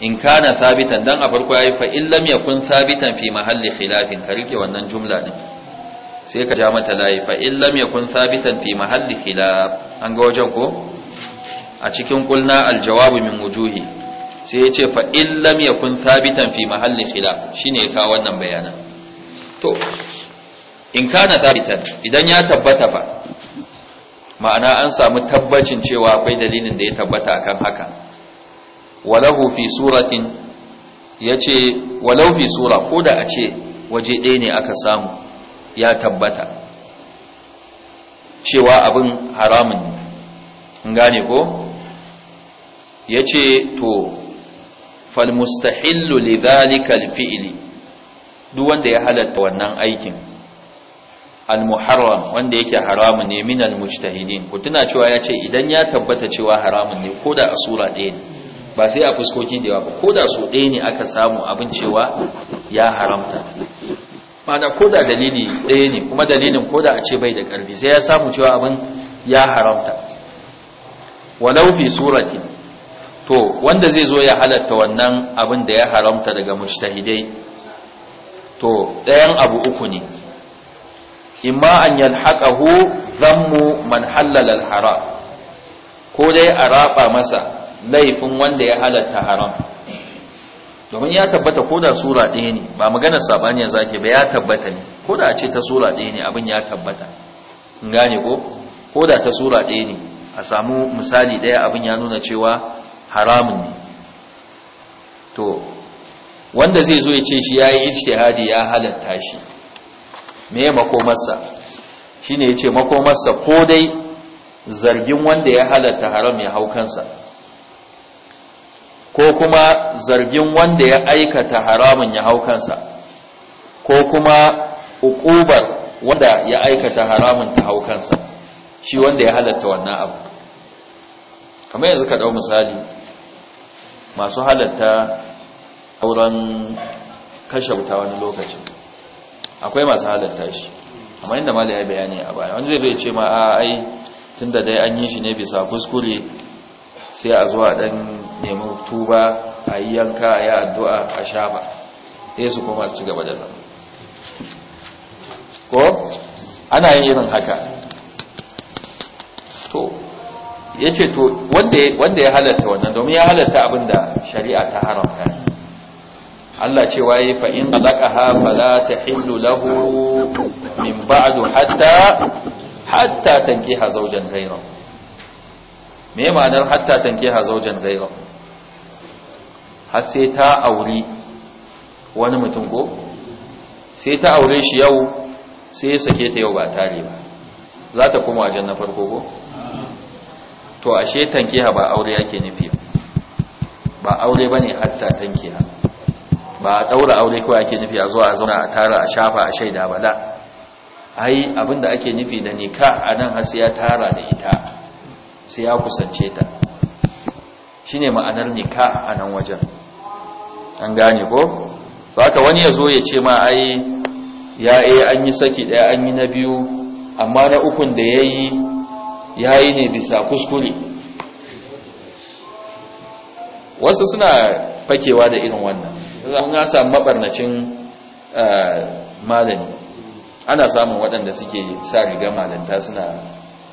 in kana sabitan dan a farko yayi fa in lam yakun sabitan fi mahalli khilafin ka rike wannan jumla din sai ka ja mata layi fa in lam yakun sabitan fi mahalli khilaf an ga wajen ko a cikin kulna aljawabu min wujuhi sai yace fa in lam yakun sabitan fi mahalli khilaf shine ka wannan bayanan to in kana sabitan idan ya tabbata fa ma'ana an samu tabbacin cewa akwai dalilin da ya tabbata akan haka walahu fi suratin yace walau fi sura ko da a ce waje ɗaya ne aka samu ya tabbata cewa abin haramun gane ko yace to fal mustahillu lidhalika alfi'li duk wanda ya halatta wannan aikin al-muharram wanda yake haramun ne min al-mujtahidin ku tuna cewa yace idan ya tabbata cewa haramun ne koda a sura ɗaya ne ba sai a fuskoki da yawa ba ko da so ɗaya ne aka samu abin cewa ya haramta mana ko da dalili ɗaya ne kuma dalilin ko da a ce bai da ƙarfi sai ya samu cewa abin ya haramta walau fi surati to wanda zai zo ya halatta wannan abin da ya haramta daga mujtahidai to ɗayan abu uku ne imma an yalhaqahu dhammu man halala al-haram ko dai a raba masa laifin wanda ya halatta haram domin ya tabbata ko da sura ɗaya ne ba magana saɓaniya zake ba ya tabbata ne ko da a ce ta sura ɗaya ne abin ya tabbata in gane ko ko da ta sura ɗaya ne a samu misali ɗaya abin ya nuna cewa haramun ne to wanda zai zo ya ce shi ya yi ijtihadi ya halatta shi me ya makomarsa shi ne ya ce makomarsa ko dai zargin wanda ya halatta haram ya hau kansa ko kuma zargin wanda ya aikata haramun ya hau kansa ko kuma uƙubar wanda ya aikata haramun ta hau kansa shi wanda ya halatta wannan abu kamar yanzu ka dau misali masu halatta auren kashe wuta wani lokaci, akwai masu halatta shi amma inda ma ya bayani a baya wani zai zai ce ma a ai da dai an yi shi ne bisa kuskure sai a zuwa dan nemi tuba a yi yanka a yi addu'a a shafa ɗaya su koma su ci gaba da zama ko ana yin irin haka to ya ce to wanda ya halatta wannan domin ya halatta abin da shari'a ta haramta Allah ce wa yi fa'in hafa za ta hillu lahu min ba'adu hatta hatta tanke hazaujen gairon me ma'anar hatta tanke hazaujen gairon har sai ta auri wani mutum ko sai ta aure shi yau sai ya sake ta yau ba tare ba za ta kuma wajen na farko ko to a tanke ha ba aure ake nufi ba aure ba ne hatta ha ba a daura aure kawai ake nufi a zuwa a zauna a tara a shafa a shaida ba da ai abinda ake nufi da nika a nan har ya tara da ita sai ya kusance ta shine ma'anar nika a nan wajen an gane ko saka wani yazo ya ce ma ai ya eh an yi saki ɗaya an yi na biyu amma na ukun da yayi yayi ne bisa kuskure wasu suna fakewa da irin wannan an ga samu mabarnacin eh, malami ana samun waɗanda suke sa riga malanta suna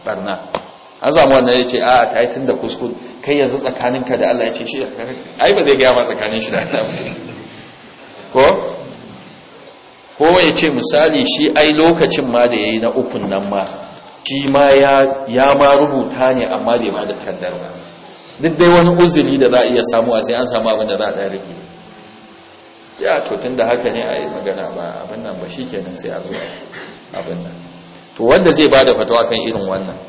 barna an samu wannan ya ce a ta yi da kuskure kai yanzu tsakaninka da Allah ya ce shi ai ba zai gaya ma tsakanin shi da Allah ko ko ya ce misali shi ai lokacin ma da yayi na ukun nan ma shi ma ya ya ma rubuta ne amma bai ma da tandar ba duk dai wani uzuri da za a iya samu a sai an samu abin da za a da rike ya to tun da haka ne ai magana ba abin nan ba shikenan sai a zo abin nan to wanda zai bada fatawa kan irin wannan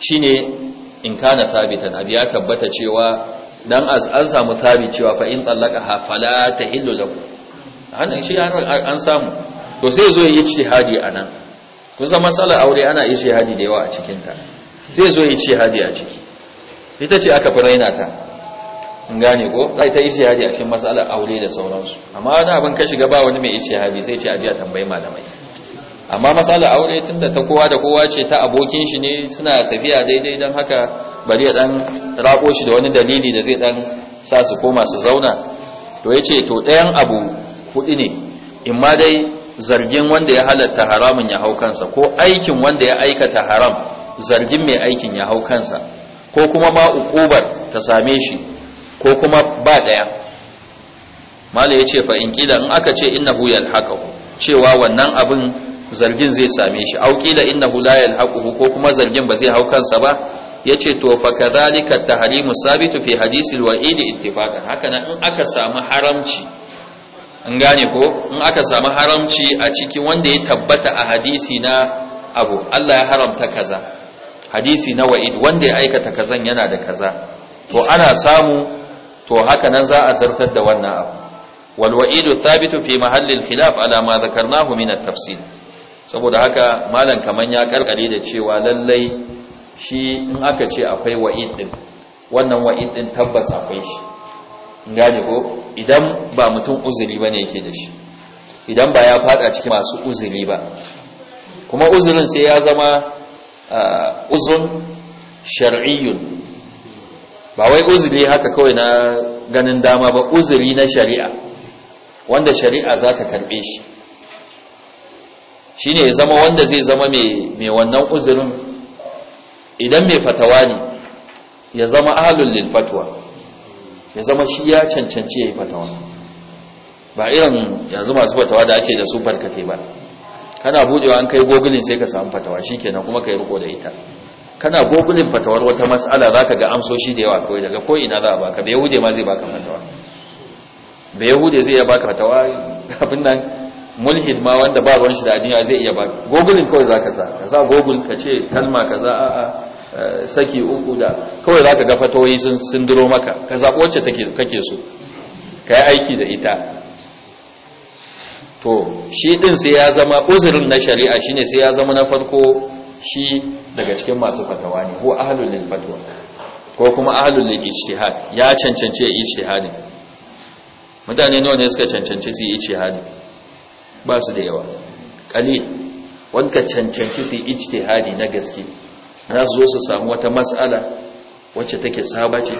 shine in kana sabitan abi ya tabbata cewa dan an samu sabi cewa fa in ha fala tahillu lahu anan shi an samu to sai zo yi ijtihadi anan kun san masalar aure ana ijtihadi da yawa a cikin ta sai zo yi ijtihadi a ciki ita ce aka fi ta in gane ko sai ta yi ijtihadi a cikin masalar aure da sauransu amma wani abin ka shiga ba wani mai ijtihadi sai ce ji a tambayi malamai amma masala aure tunda ta kowa da kowa ce ta abokin shi ne suna tafiya daidai don haka bari ya dan rako shi da wani dalili da zai dan sa su koma su zauna to ya ce to ɗayan abu kuɗi ne in ma dai zargin wanda ya halatta haramun ya hau kansa ko aikin wanda ya aikata haram zargin mai aikin ya hau kansa ko kuma ma ukubar ta same shi ko kuma ba ɗaya mala ya ce fa in kila in aka ce innahu yalhaqahu cewa wannan abin zargin zai same shi au inna innahu la ko kuma zargin ba zai hau kansa ba yace to fa kadhalika halimu sabitu fi hadisi alwa'id ittifaqan haka nan in aka samu haramci in gane ko in aka samu haramci a cikin wanda ya tabbata a hadisi na abu Allah ya haramta kaza hadisi na wa'id wanda ya aikata kazan yana da kaza to ana samu to haka nan za a zartar da wannan abu wal wa'idu thabitu fi muhallin khilaf ala ma dhakarnahu min at-tafsil saboda haka malam kaman ya karkare da cewa lallai shi in aka ce akwai wa'id din wannan wa'id din tabbas akwai shi gane ko idan ba mutum uzuri bane yake da shi idan ba ya fada cikin masu uzuri ba kuma uzurin sai ya zama uzun shar'iyyun ba wai uzuri haka kawai na ganin dama ba uzuri na shari'a wanda shari'a za ta karbe shi shi ya zama wanda zai zama mai wannan uzurin idan mai fatawa ne ya zama ahalun lilfatuwa fatwa ya zama shi ya cancanci ya yi fatawa ba irin yanzu masu fatawa da ake da su barkate ba kana budewa an kai gogulin sai ka samu fatawa shikenan kuma yi riko da ita kana gogulin fatawar wata za ka ga amsoshi da yawa kawai daga ko ina za a baka bai hude ma zai baka fatawa bai hude zai ya baka fatawa abin nan mulhid ma wanda ba ruwan shi da addini zai iya ba gogulin kawai zaka sa ka sa gogul ka ce kalma ka a a eh, saki uku da kawai zaka ga fatoyi sun sindiro maka ka za wacce take kake so ka yi aiki da ita to shi din sai ya zama uzurin na shari'a shine sai ya zama na farko shi daga cikin masu fatawa ne ko ahlul lil fatwa ko kuma ahlul lil ijtihad ya cancance ijtihadin mutane nawa ne suka cancanci su yi ijtihadin ba su da yawa kalil wanka cancanci su yi ijtihadi na gaske na zo su samu wata mas'ala wacce take sabace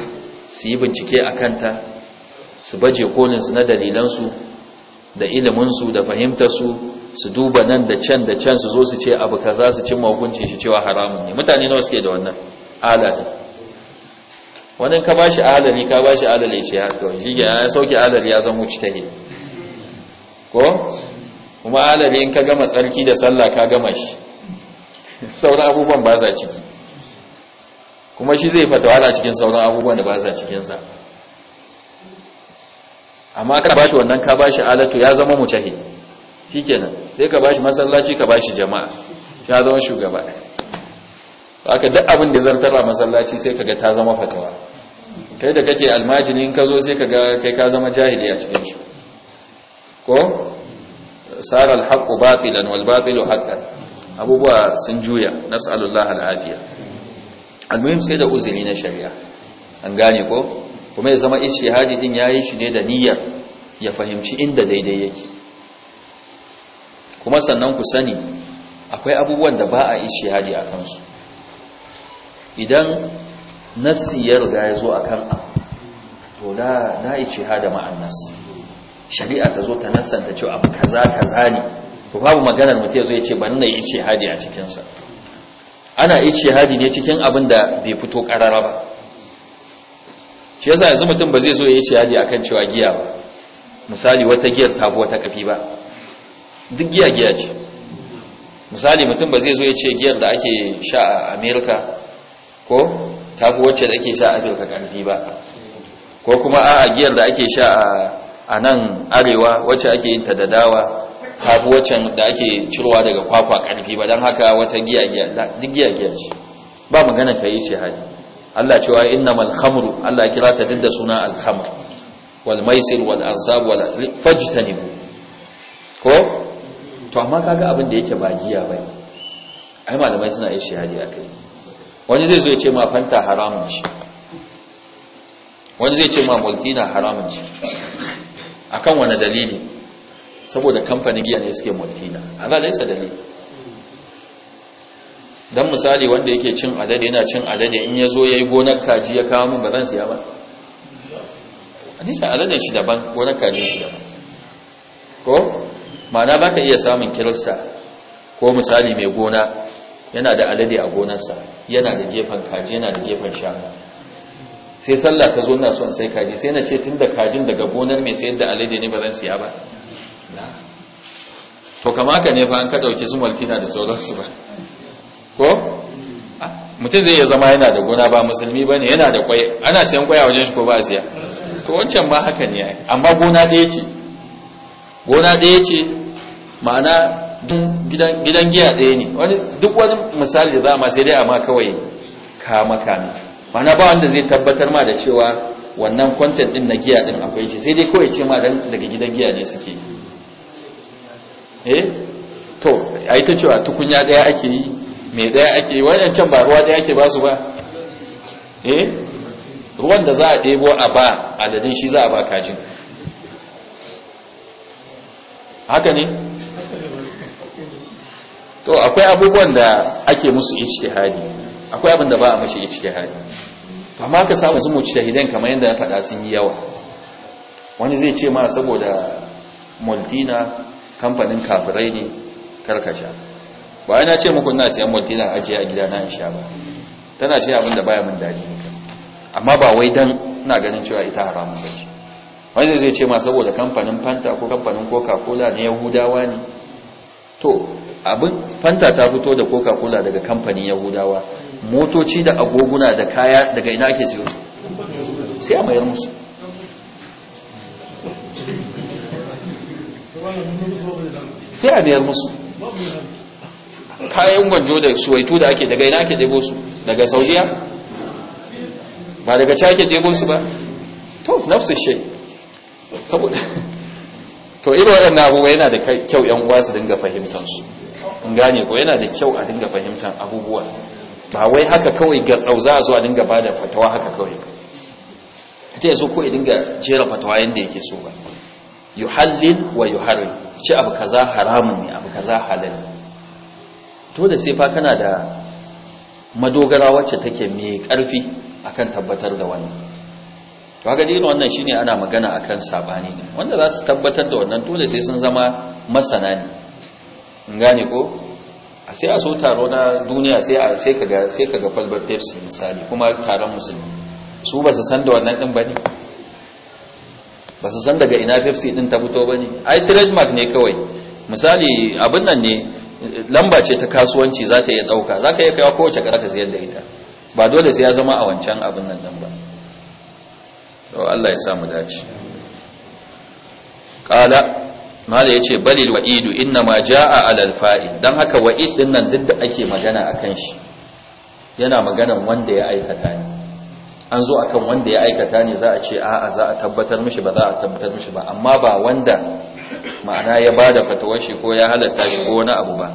su yi bincike a kanta su baje koninsu na dalilansu da iliminsu da fahimtarsu su duba nan da can da can su zo su ce abu ka za su cimma hukuncin shi cewa haramun ne mutane nawa suke da wannan alalin wannan ka ba shi alali ka shi alali ce haka shi ya sauke alali ya zama wuce ta ko kuma alali in ka gama tsarki da sallah ka gama shi sauran abubuwan ba za ciki kuma shi zai fata wala cikin sauran abubuwan da ba za cikinsa amma ka bashi wannan ka bashi alatu ya zama mujahid shikenan sai ka bashi masallaci ka bashi jama'a ya zama shugaba haka duk abin da tara masallaci sai kaga ta zama fatawa kai da kake almajini in ka zo sai kaga kai ka zama jahili a cikin shi ko sara alhaqqu batilan wal batilu haqqan abubuwa sun juya nas'alullah al'afiya almuhim sai da uzuri na shari'a an gane ko kuma ya zama hadi din yayi shi ne da niyyar ya fahimci inda daidai yake kuma sannan ku sani akwai abubuwan da ba a hadi a kansu idan nassi ya riga ya zo akan a to da da ishi hada shari'a ta zo ta nasanta cewa abu kaza kaza ne to babu maganar mutum ya zo ya ce ban na yi hadi a cikin sa ana hadi ne cikin abin da bai fito karara ba shi yasa yanzu mutum ba zai zo ya yi hadi akan cewa giya ba misali wata giya ta fi wata kafi ba duk giya giya ce misali mutum ba zai zo ya ce giyar da ake sha a america ko ta bu wacce da ake sha a afirka karfi ba ko kuma a giyar da ake sha a a nan arewa wacce ake yin ta da dawa tafi wacce da ake cirowa daga kwakwa karfi ba don haka wata giya-giya ce ba magana ka yi shahadi Allah cewa inna malhamru Allah kira ta duk da suna alhamr wal maisir wal ansab wal fajtani ko to amma kaga abin da yake ba giya bai ai malamai suna yi shahadi kai wani zai zo ya ce ma fanta haramun shi wani zai ce ma multina haramun shi akan wani dalili saboda kamfanin giya ne suke multina ana laisa dalili Don misali wanda yake cin alade yana cin alade in ya zo ya yi gonar kaji ya kawo min ba zan siya ba hadisin alade shi daban gonar kaji shi daban ko ma'ana ba ka iya samun kirista ko misali mai gona yana da alade a gonarsa yana da gefen kaji yana da gefen shanu sai sallah ta zo na son sai kaji sai na ce tun da kajin daga gonar mai sayar da alade ne ba zan siya ba to kamaka ka ne fa an ka ɗauki su maltina da sauransu ba ko ah, mutum zai iya zama yana da gona ba musulmi ba ne yana da kwai ana siyan kwai a wajen shi ko ba a siya to wancan ma haka ne amma gona ɗaya ce gona ɗaya ce ma'ana gidan giya ɗaya ne wani duk wani misali da za a ma sai dai amma kawai kama kama. mana ba wanda zai tabbatar ma da cewa wannan kwantar din na giya din akwai shi sai dai kawai ce ma dan daga gidan giya ne suke eh to yi ta cewa tukunya daya ake yi mai daya ake yi can ba ruwa daya ake basu ba eh ruwan da za a ɗebo a ba adadin shi za a ba kajin haka ne to akwai abubuwan da ake musu ijtihadi akwai abin da ba a mashi ijtihadi amma ka samu su shahidan kamar yadda ya faɗa sun yi yawa wani zai ce ma saboda multina kamfanin kafirai ne karkasha ba yana ce muku na siyan multina ajiye a gida na in ba tana ce abin da baya min ne amma ba wai dan ina ganin cewa ita haramun ba ce wani zai ce ma saboda kamfanin fanta ko kamfanin coca-cola ne yahudawa ne to abin fanta ta fito da coca-cola daga kamfanin yahudawa motoci da agoguna da kaya daga ina ake siyo su sai a mayar musu sai a mayar musu kayan gwanjo da suwaitu da ake daga ina ake jebo su daga saudiya ba daga ci ake jebo su ba to nafsu shi saboda to irin waɗannan abubuwa yana da kyau yan uwa su dinga fahimtansu in gane ko yana da kyau a dinga fahimtar abubuwa ba wai haka kawai ga tsauza zuwa dinga bada fatawa haka kawai ta so ko dinga jera fatawa yanda yake so ba yuhallil wa yuharrim ce abu kaza haramun ne abu kaza halal to da sai fa kana da madogara wacce take mai karfi akan tabbatar da wannan to haka dinin wannan shine ana magana akan sabani ne wanda za su tabbatar da wannan dole sai sun zama masana ne in gane ko a sai a so taro na duniya sai kaga sai kaga falbar pepsi misali kuma taron musulmi su ba su san da wannan din bane ba su san daga ina pepsi din ta fito bane ai trademark ne kawai misali abin nan ne lamba ce ta kasuwanci za ta iya dauka za ka iya kaiwa kowace ƙasa ka ziyar da ita ba dole sai ya zama a wancan abin nan din ba to Allah ya sa mu dace qala ya ce balil wa'idu inna ma jaa alal fa'il dan haka wa'id din nan duk da ake magana akan shi yana maganan wanda ya aikata ne an zo akan wanda ya aikata ne za a ce a'a za a tabbatar mishi ba za a tabbatar mishi ba amma ba wanda ma'ana ya bada fatawar shi ko ya halatta shi ko wani abu ba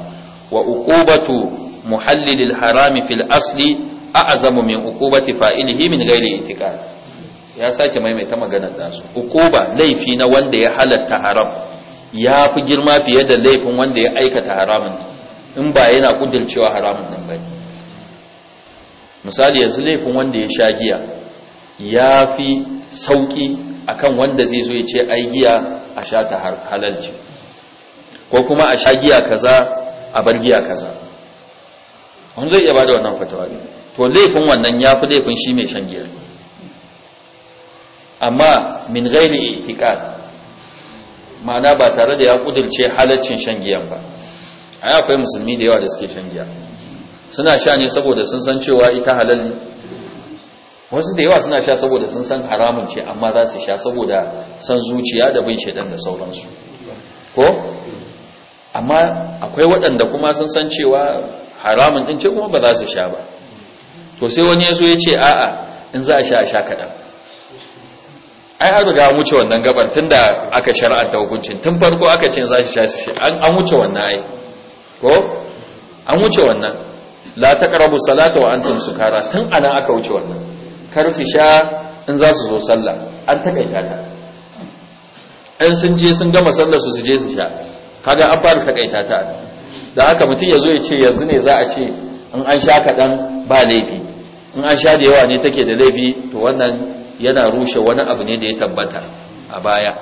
wa uqubatu muhallilil harami fil asli a'zamu min uqubati fa'ilihi min ghairi itiqad ya sake maimaita maganar da su uquba laifi na wanda ya halatta haram ya fi girma fiye da laifin wanda ya aikata haramun in ba yana kudircewa haramun nan ba misali yanzu laifin wanda ya sha giya ya fi sauki akan wanda zai zo ya ce ai giya a sha ta halalci ko kuma a sha giya kaza a bar giya kaza wani zai iya ba da wannan fatawa to laifin wannan ya fi laifin shi mai shan giya amma min gairi itikad ma'ana ba tare da ya kudirce halaccin shan giyan ba ai akwai musulmi da yawa da suke shan giya suna sha ne saboda sun san cewa ita halal ne wasu da yawa suna sha saboda sun san haramun ce amma za su sha saboda san zuciya da bin shaidan da sauransu ko amma akwai waɗanda kuma sun san cewa haramun ɗin ce kuma ba za su sha ba to sai wani ya so ya ce a'a in za a sha a sha kaɗan ai an ga an wuce wannan gabar tunda aka shar'anta hukuncin tun farko aka ce za shi sha shi an wuce wannan ai ko an wuce wannan la taqrabu salata wa antum sukara tun ana aka wuce wannan kar su sha in za su zo sallah an takaita ta in sun je sun gama sallar su su je su sha kaga an fara takaita ta da haka mutum ya zo ya ce yanzu ne za a ce in an sha kaɗan ba laifi in an sha da yawa ne take da laifi to wannan yana rushe wani abu ne da ya tabbata a baya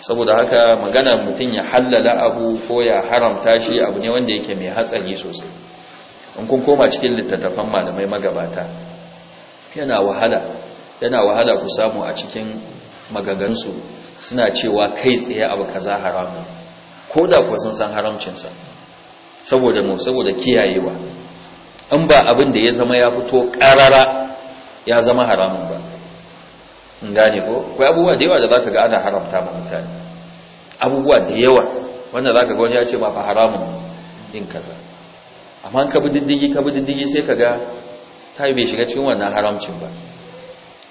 saboda haka magana mutum ya hallala abu ko ya haramta shi abu ne wanda yake mai hatsari sosai in kun koma cikin littattafan malamai magabata yana wahala yana wahala ku samu a cikin magagansu suna cewa kai tsaye abu kaza haramu, ko da kuwa sun san haramcinsa saboda mu saboda kiyayewa in ba abin da ya zama ya fito ƙarara ya zama haramun ba in gane ko kai abubuwa da yawa da zaka ga ana haramta ma mutane abubuwa da yawa wanda zaka ga wani ya ce ma fa haramun yin kaza amma ka bi diddigi ka bi diddigi sai ka ga tayi bai shiga cikin wannan haramcin ba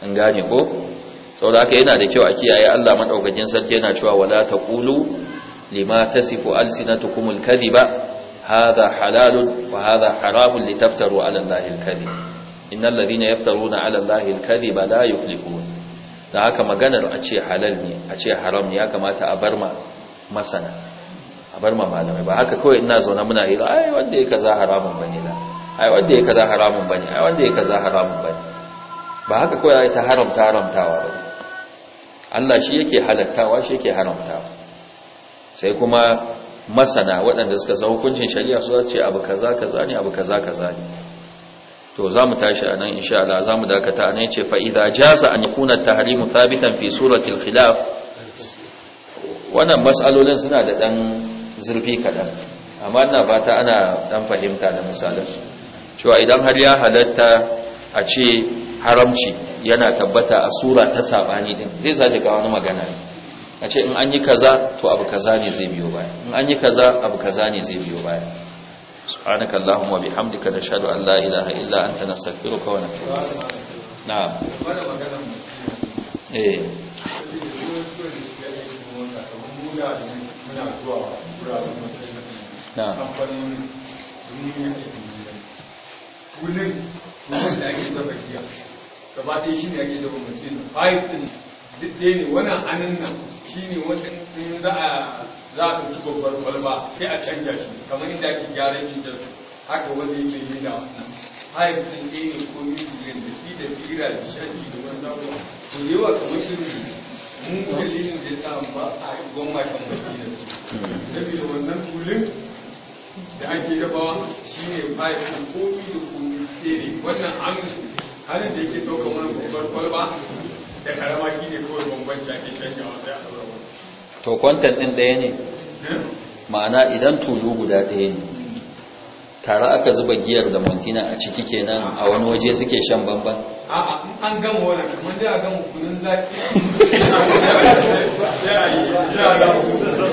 in gane ko saboda haka yana da kyau a kiyaye Allah madaukakin sarki yana cewa wala taqulu lima tasifu alsinatukum alkadhiba hadha halalun wa hadha haramun litaftaru ala allahi alkadhib innal ladhina yaftaruna ala allahi alkadhiba la yuflihun da haka maganar a ce halal ne a ce haram ne ya kamata a bar ma masana a bar ma malamai ba haka kawai ina zaune muna yi ai wanda ya kaza haramun bane la ai wanda ya kaza haramun bane ai wanda ya kaza haramun bane ba haka kawai ai ta haramta haramtawa ba Allah shi yake halattawa shi yake haramtawa sai kuma masana waɗanda suka zama hukuncin shari'a su ce abu kaza kaza ne abu kaza kaza ne to za mu tashi a nan insha Allah za mu dakata a nan ce fa'iza jaza an yakuna tahrimu thabitan fi suratul khilaf wannan matsalolin suna da ɗan zurfi kaɗan amma ina fata ana ɗan fahimta da misalin cewa idan har ya halatta a ce haramci yana tabbata a sura ta saɓani ɗin zai zaje ga wani magana ne a ce in an yi kaza to abu kaza ne zai biyo baya in an yi kaza abu kaza ne zai biyo baya subhanaka allahumma bihamdika nashhadu an la ilaha za a ɗauki babbar kwalba sai a canja shi kamar inda ake gyaran injin haka wanda yake yi na wannan hayar sun ɗaya ko yi tuyen da fi da fira da shaɗi da wani zaɓuwa to yawa kamar ne mun dalilin da ta ba a gwamma kan madina saboda wannan kulin da ake rabawa shi ne hayar sun komi da komi tsere wannan amin halin da yake ɗaukar wani babbar kwalba da karama shi ne kawai bambanci ake canja wanda ya ɗaura wani to kwantan ɗin ɗaya ne hmm? ma'ana idan tulu guda ɗaya ne tare aka zuba giyar da montina a ciki kenan a wani waje suke shan bambam. a'a an gama wani kamar da gama kudin zaki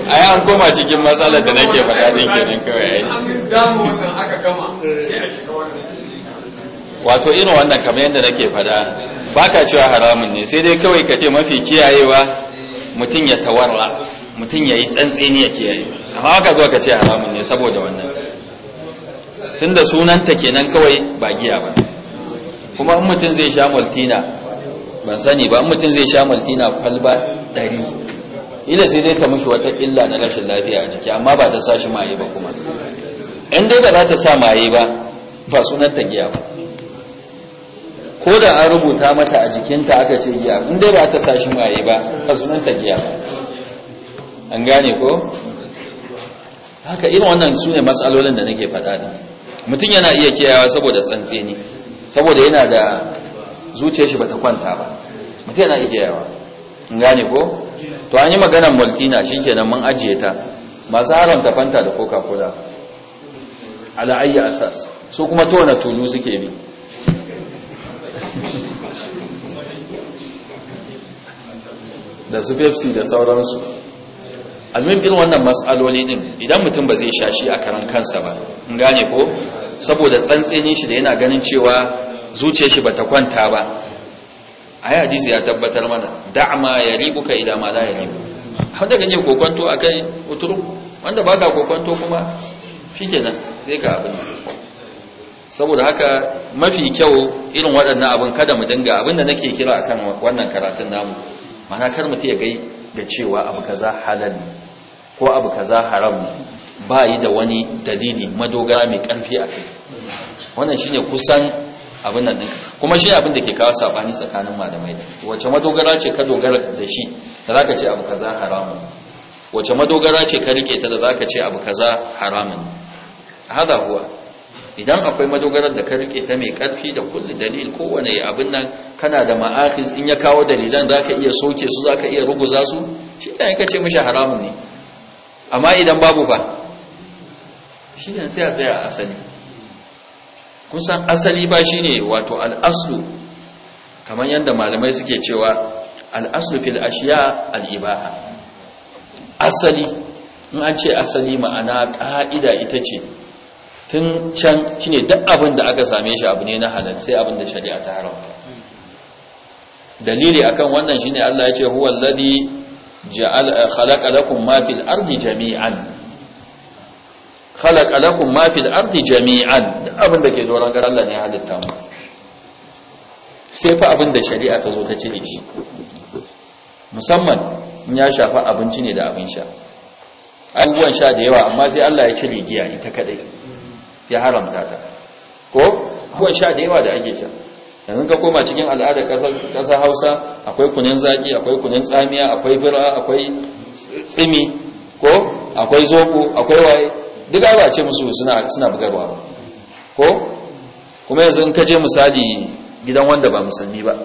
yi an koma cikin matsalar da nake faɗa din kenan kawai ya yi wato irin wannan kamar yadda nake faɗa baka cewa haramun ne sai dai kawai ka ce mafi kiyayewa mutum ya tawarra mutum ya yi tsantseni ya kiyaye amma aka zo ka ce haramun ne saboda wannan tunda sunanta kenan kawai ba giya ba kuma in mutum zai sha maltina ban sani ba in mutum zai sha maltina kwalba ɗari ila sai dai ta mushi wata illa na rashin lafiya a jiki amma ba ta sa shi maye ba kuma in dai ba za ta sa maye ba ba sunanta giya ba ko da an rubuta mata a jikinta aka ce giya in dai ba ta sashi maye ba a sunanta giya an gane ko haka irin wannan su ne matsalolin da nake faɗa da mutum yana iya kiyawa saboda tsantseni saboda yana da zuciya shi bata kwanta ba mutum yana iya kiyawa an gane ko to an yi maganar maltina nan mun ajiye ta masu haramta fanta da coca-cola ala ayyi asas su kuma tona tulu suke ne da su pepsi da sauransu almin irin wannan matsaloli din idan mutum ba zai shashi a karan kansa ba in gane ko saboda tsantsenin shi da yana ganin cewa zuciyar shi bata kwanta ba yi hadisi ya tabbatar mana da'ama ya ribuka ila ma la ribu wanda kokwanto kokonto kai uturu wanda ba ka kokonto kuma kenan zai ka abin saboda haka mafi kyau irin waɗannan abin kada mu dinga abin da nake kira akan wannan karatun namu mana kar mutu ya gai ga cewa abu kaza halal ne ko abu kaza haram ne ba yi da wani dalili madogara mai karfi a kai wannan shine kusan abin nan kuma shi abin da ke kawo sabani tsakanin malamai wace madogara ce ka dogara da shi da zaka ce abu kaza haramun wace madogara ce ka rike ta da zaka ce abu kaza haramun hada huwa idan akwai madogarar da ka rike ta mai karfi da kullu dalil kowane abin nan kana da ma'akhis in ya kawo dalilan zaka iya soke su zaka iya ruguza su shi ne ka ce mishi haramun ne amma idan babu ba shi ne sai a tsaya a asali kusan asali ba shi ne wato al'aslu kamar yadda malamai suke cewa al'aslu fil ashiya al'ibaha asali in an ce asali ma'ana ƙa'ida ita ce tun can shine duk abin da aka same shi abu ne na halal sai abin da shari'a ta haramta dalili akan wannan shine Allah ya ce huwa alladhi ja'al khalaqa lakum ma ardi jami'an khalaqa lakum ma fil ardi jami'an abin da ke doron gar Allah ne halitta mu sai fa abin da shari'a ta zo ta cire shi musamman in ya shafa abinci ne da abin sha abubuwan sha da yawa amma sai Allah ya cire giya ita kadai ya haramta ta ko abuwan sha da yawa da ake sha yanzu ka koma cikin al'adar ƙasa hausa akwai kunin zaƙi akwai kunin tsamiya akwai fir'a akwai tsimi ko akwai zoko akwai waye duk ba ce musu suna bugarwa ba ko kuma yanzu in ka je misali gidan wanda ba musulmi ba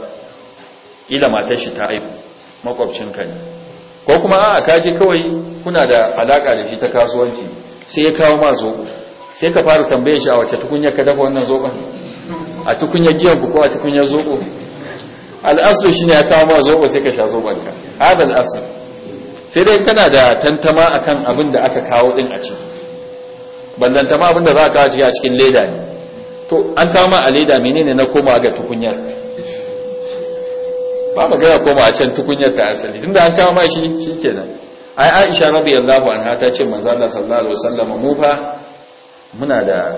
ila matar shi ta haifu ka ne ko kuma a kaje kawai kuna da alaka da shi ta kasuwanci sai ya kawo ma zoko sai ka fara tambaye shi a wace tukunya ka dafa wannan zoban a tukunya giyan ku ko a tukunya zobo. al'asu shi ne ya kawo ma zobo sai ka sha zoban ka hada al'asu sai dai kana da tantama akan abin da aka kawo din a ciki ban tantama abin da za ka kawo a cikin leda ne to an kawo ma a leda menene na koma ga tukunyar ba gaya koma a can tukunyar ta asali tunda an kawo ma shi shikenan ai Aisha yallahu anha ta ce manzo Allah sallallahu alaihi wasallam mu fa muna da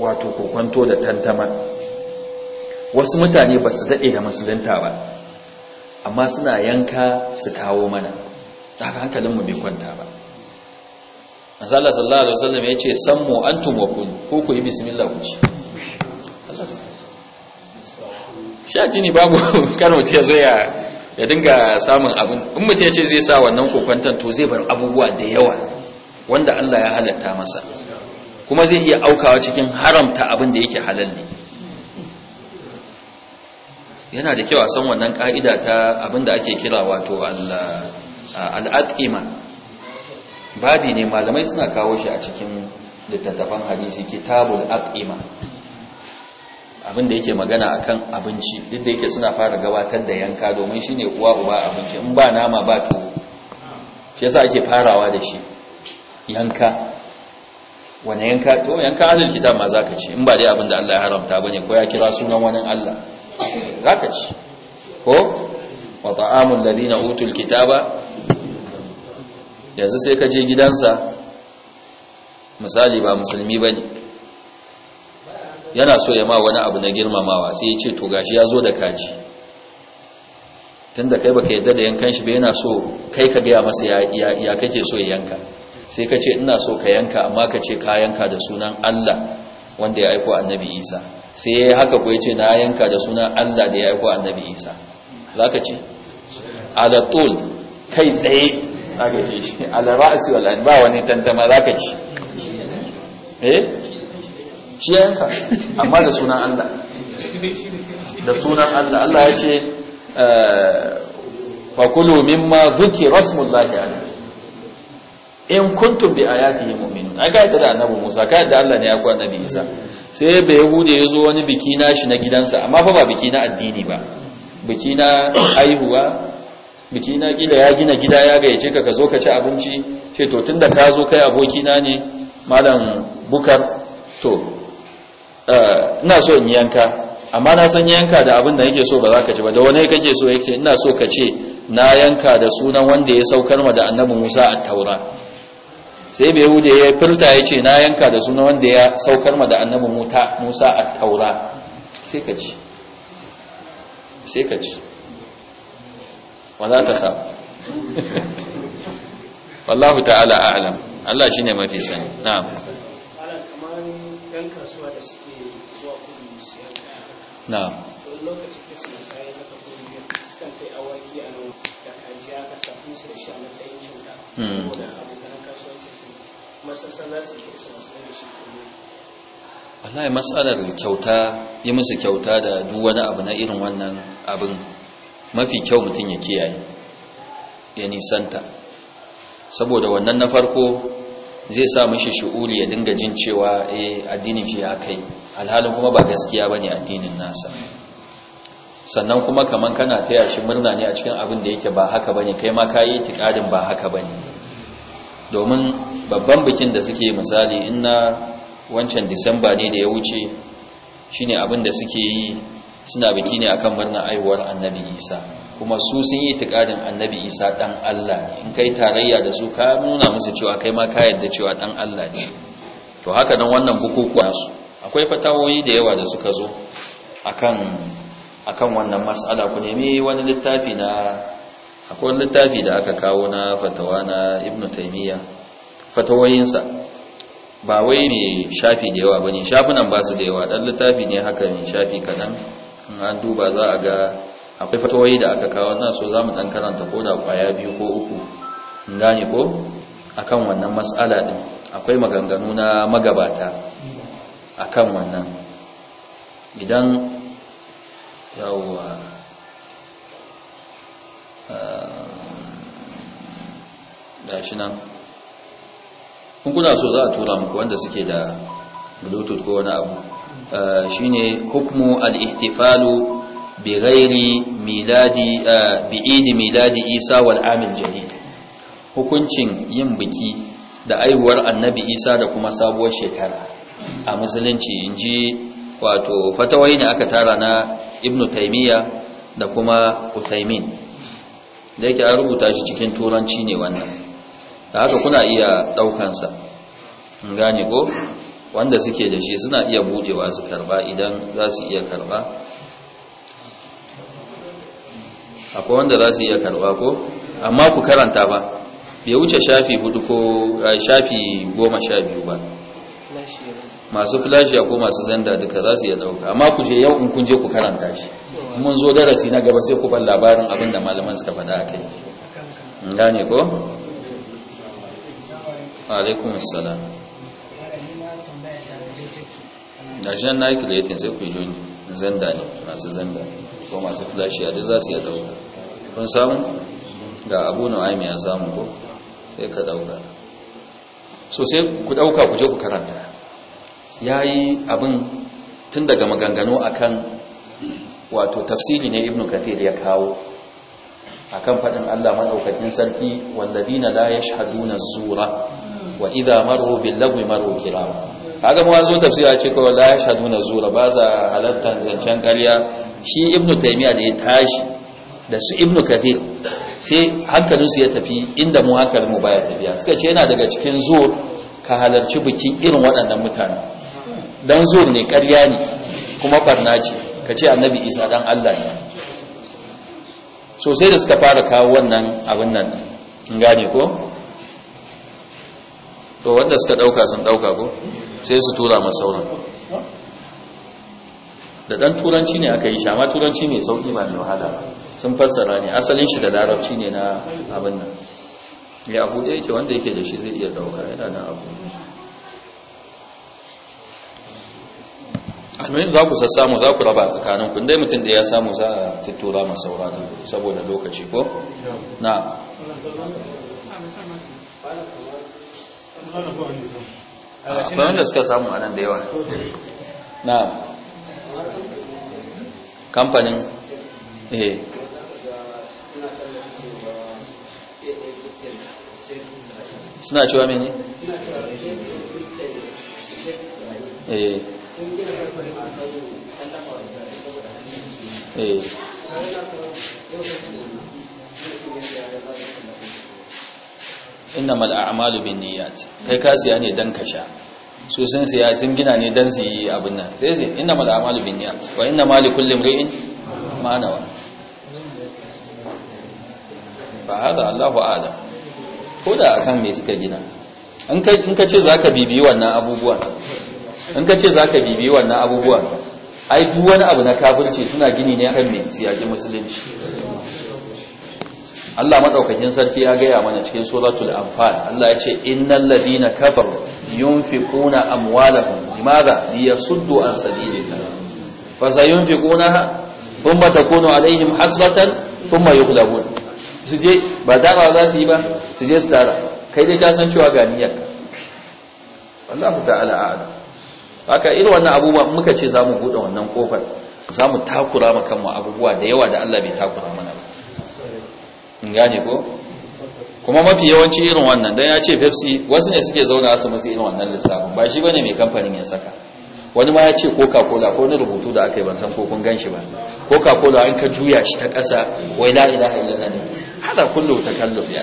wato kokonto da tantama wasu mutane ba su daɗe da musulunta ba amma suna yanka su kawo mana da haka hankalinmu bai kwanta ba azalla sallallahu alaihi wasallam ya ce sammu antum wa kun ko ku yi bismillah ku ci Sha ne babu kan mutum ya zo ya dinga samun abin in mutum ya ce zai sa wannan kokwantan to zai bar abubuwa da yawa wanda Allah ya halatta masa kuma zai iya aukawa cikin haramta abin da yake halal ne yana da kyau a san wannan ka'ida ta abin da ake kira wato al'ad'ima babi ne malamai suna kawo shi a cikin littattafan hadisi kitabul al'ad'ima abin da yake magana akan abinci duk da yake suna fara gabatar da yanka domin shi ne uwa uba abinci in ba nama ba tuwo shi yasa ake farawa da shi yanka wani yanka to yanka alil kitab ma zaka ci in ba dai abinda Allah ya haramta bane ko ya kira sunan wani Allah zaka ci ko wa ta'amul ladina utul kitaba yanzu sai ka je gidansa misali ba musulmi bane yana so ya ma wani abu na girmamawa sai ya ce to gashi ya zo da kaji tunda kai baka yadda da yankan shi ba yana so kai ka gaya masa ya kake so ya yanka sai ka ce ina so ka yanka amma ka ce ka yanka da sunan Allah wanda ya aiko annabi Isa sai yayi haka ko yace na yanka da sunan Allah da ya aiko annabi Isa zaka ce ala tul kai tsaye zaka ce shi ala ra'si wal ba wani tantama zaka ce eh shi yanka amma da sunan Allah da sunan Allah Allah ya ce eh, fakulu mimma dhukira rasmullahi alaihi in kuntum bi ayatihi mu'minun ai yadda da annabi Musa ka da Allah ne ya kwana annabi Isa sai bai hude zo wani biki na shi na gidansa amma fa ba biki na addini ba biki na aihuwa biki na ya gina gida ya gayyace ka ka zo ka ci abinci ce to tunda ka zo kai aboki na ne malam bukar to eh, ina so in yanka amma na san yanka da abin da yake so ba za ka ci ba da wani kake so yake ina so ka ce na yanka da sunan wanda ya saukar ma da annabi Musa a taura sai bai hude ya furta ya ce na yanka da suna wanda ya saukar ma da annabi musa a taura sai ka ci sai ka ci wala ta sa wallahu ta'ala a'lam Allah shine mafi sani na'am na'am sai awaki a nan da kaji aka samu su da shi a matsayin kyauta hmm. saboda abu kuma ya matsalar kyauta yi musu kyauta da duk wani abu na irin wannan abin mafi kyau mutum ya kiyaye ya nisanta saboda wannan na farko zai sa mishi shu'uli ya dinga jin cewa a eh, addinin shi ya kai alhalin kuma ba gaskiya ba ne addinin nasa sannan kuma kaman kana taya shi murna ne a cikin abin da yake ba haka ba ne, kai ma yi itikadin ba haka ba ne. domin babban bikin da suke misali in na wancan disamba ne da ya wuce shine abin da suke yi suna biki ne akan murnar aiwuwar annabi isa kuma su sun yi tukadin annabi isa dan allah ne in kai tarayya da su ka nuna musu cewa kai ma ka yarda cewa dan allah ne to haka nan wannan bukukuwa su akwai fatawoyi da yawa da suka zo akan akan wannan mas'ala ku nemi wani littafi na akwai littafi da aka kawo na fatawa na ibnu taymiyyah fatawoyinsa ba wai ne shafi da yawa ba ne shafinan ba su da yawa dan littafi ne haka ne shafi kaɗan an duba za a ga akwai fatawoyi da aka kawo na so za mu ɗan karanta ko da kwaya biyu ko uku in gane ko kan wannan matsala ɗin akwai maganganu na magabata akan wannan idan yawwa eh, shi nan kun kuna so za a tura muku wanda suke da bluetooth ko wani abu eh, shine hukmu al-ihtifalu bi gairi miladi eh, miladi isa wal amil jadid hukuncin yin biki da aiwuwar annabi isa da kuma sabuwar shekara a musulunci in ji wato fatawai ne aka tara na ibnu taimiyya da kuma utaimin da yake an rubuta shi cikin turanci ne wannan da haka kuna iya ɗaukansa in gane ko wanda suke da shi suna iya budewa su karba idan za su iya karba akwai wanda za su iya karba ko amma ku karanta ba bai wuce shafi hudu ko shafi goma sha biyu ba masu flashiya ko masu zanda duka za su iya dauka amma ku je yau in kun je ku karanta shi mun zo darasi na gaba sai ku ban labarin abin da malaman suka faɗa a kai gane ko alaikun sala da jan na yi kilatin sai ku yi zanda ne masu zanda ko masu flashi a za su yi dauka kun samu ga abu na wa'ami ya samu ko sai ka dauka so sai ku dauka ku je ku karanta ya yi abin tun daga maganganu akan wato tafsiri ne Ibn kafir ya kawo akan faɗin Allah maɗaukakin sarki Dina la yashhaduna zura wa idha maru bil lagwi maru kiram kaga mu wazo tafsira ce ko la yashaduna zura ba za halattan zancen karya shi ibnu taymiya da ya tashi da su ibnu kathir sai hankalin su ya tafi inda mu mu baya tafiya suka ce yana daga cikin zuwa ka halarci bikin irin waɗannan mutane don zuwa ne ƙarya ne kuma barna ce ka ce annabi isa dan allah ne sosai da suka fara kawo wannan abin nan gane ko to wanda suka dauka sun dauka ko sai su tura ma sauran da dan turanci ne aka yi shi amma turanci ne sauki ba mai wahala sun fassara ne asalin shi da larabci ne na abin nan ya abu da yake wanda yake da shi zai iya dauka yana da abu almuhim za ku sassamu za ku raba tsakanin kun dai mutum da ya samu za a tattura masaura saboda lokaci ko na akwai wanda suka samu anan da yawa na kamfanin ehe suna cewa mene? eh ehe innamal a'malu binniyat kai ka siya ne dan ka sha su sun siya sun gina ne dan su yi abin nan sai sai innamal a'malu binniyat wa mali likulli imrin ma nawa fa hada Allahu a'lam ko da akan me suka gina in ka in ka ce zaka bibiyi wannan abubuwan in ka ce zaka bibiyi wannan abubuwan ai duk wani abu na kafirci suna gini ne akan me siyaki musulunci Allah madaukakin sarki ya gaya mana cikin suratul anfal Allah ya ce innal ladina kafaru yunfiquna amwalahum limadha liyasuddu an sabilillah fa sayunfiqunaha thumma takunu alaihim hasratan thumma yughlabun su je ba dama za su yi ba Suje su tara kai dai ka san cewa ga niyyarka wallahu ta'ala a'lam haka irin wannan abubuwa muka ce zamu bude wannan kofar zamu takura mu kanmu abubuwa da yawa da Allah bai takura mana in gane ko kuma mafi yawanci irin wannan don ya ce pepsi wasu ne suke zauna su masu irin wannan lissafin ba shi bane mai kamfanin ya saka wani ma ya ce coca-cola ko na rubutu da aka yi ban san ko kun gan shi ba coca-cola an ka juya shi ta ƙasa wai la ilaha illallah ne hada kullu ta kallo ya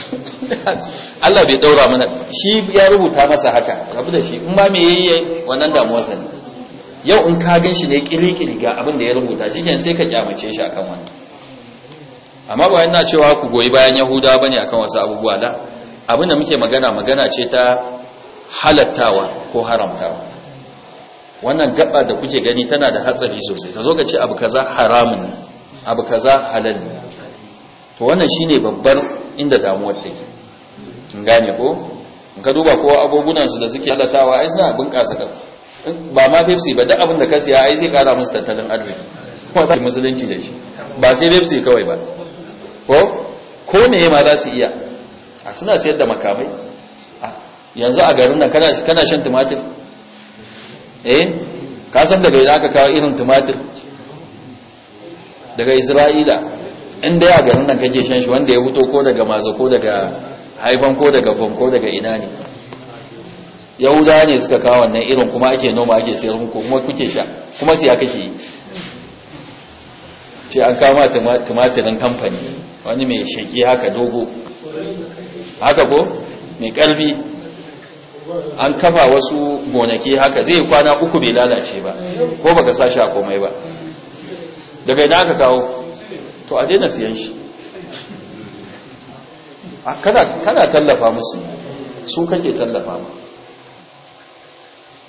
Allah bai daura mana shi ya rubuta masa haka abu da shi in ba me yayi wannan damuwar sa yau in ka gan shi ne kili-kili ga abin da ya rubuta shi sai ka kyamace shi akan wannan amma ba yana cewa ku goyi bayan yahudawa bane akan wasu abubuwa da abinda muke magana magana ce ta halattawa ko haramtawa wannan gaba da kuke gani tana da hatsari sosai ta zo ka ce abu kaza haramun abu kaza halal to wannan shine babbar inda damuwar take in gane ko in ka duba kowa abubuwan su da suke halattawa ai suna bunƙasa ka ba ma Pepsi ba duk abin da ka siya ai zai kara musu tattalin arziki ta musulunci da shi ba sai Pepsi kawai ba ko ko ne ma za su iya a suna siyar da makamai yanzu a garin nan kana shan tumatir eh ka san daga ina aka kawo irin tumatir daga isra'ila inda ya garin nan kake shan shi wanda ya fito ko daga maza ko daga haifan ko daga fon ko daga ina ne yahuda ne suka kawo wannan irin kuma ake noma ake sayar muku kuma kuke sha kuma siya kake yi ce an kama tumatirin kamfani wani mai shaƙi haka dogo haka ko mai ƙarfi. an kafa wasu gonaki haka zai kwana uku bai lalace ba ko baka sa shi a komai ba daga ina aka kawo to a daina siyan shi kana tallafa musu sun kake tallafa ba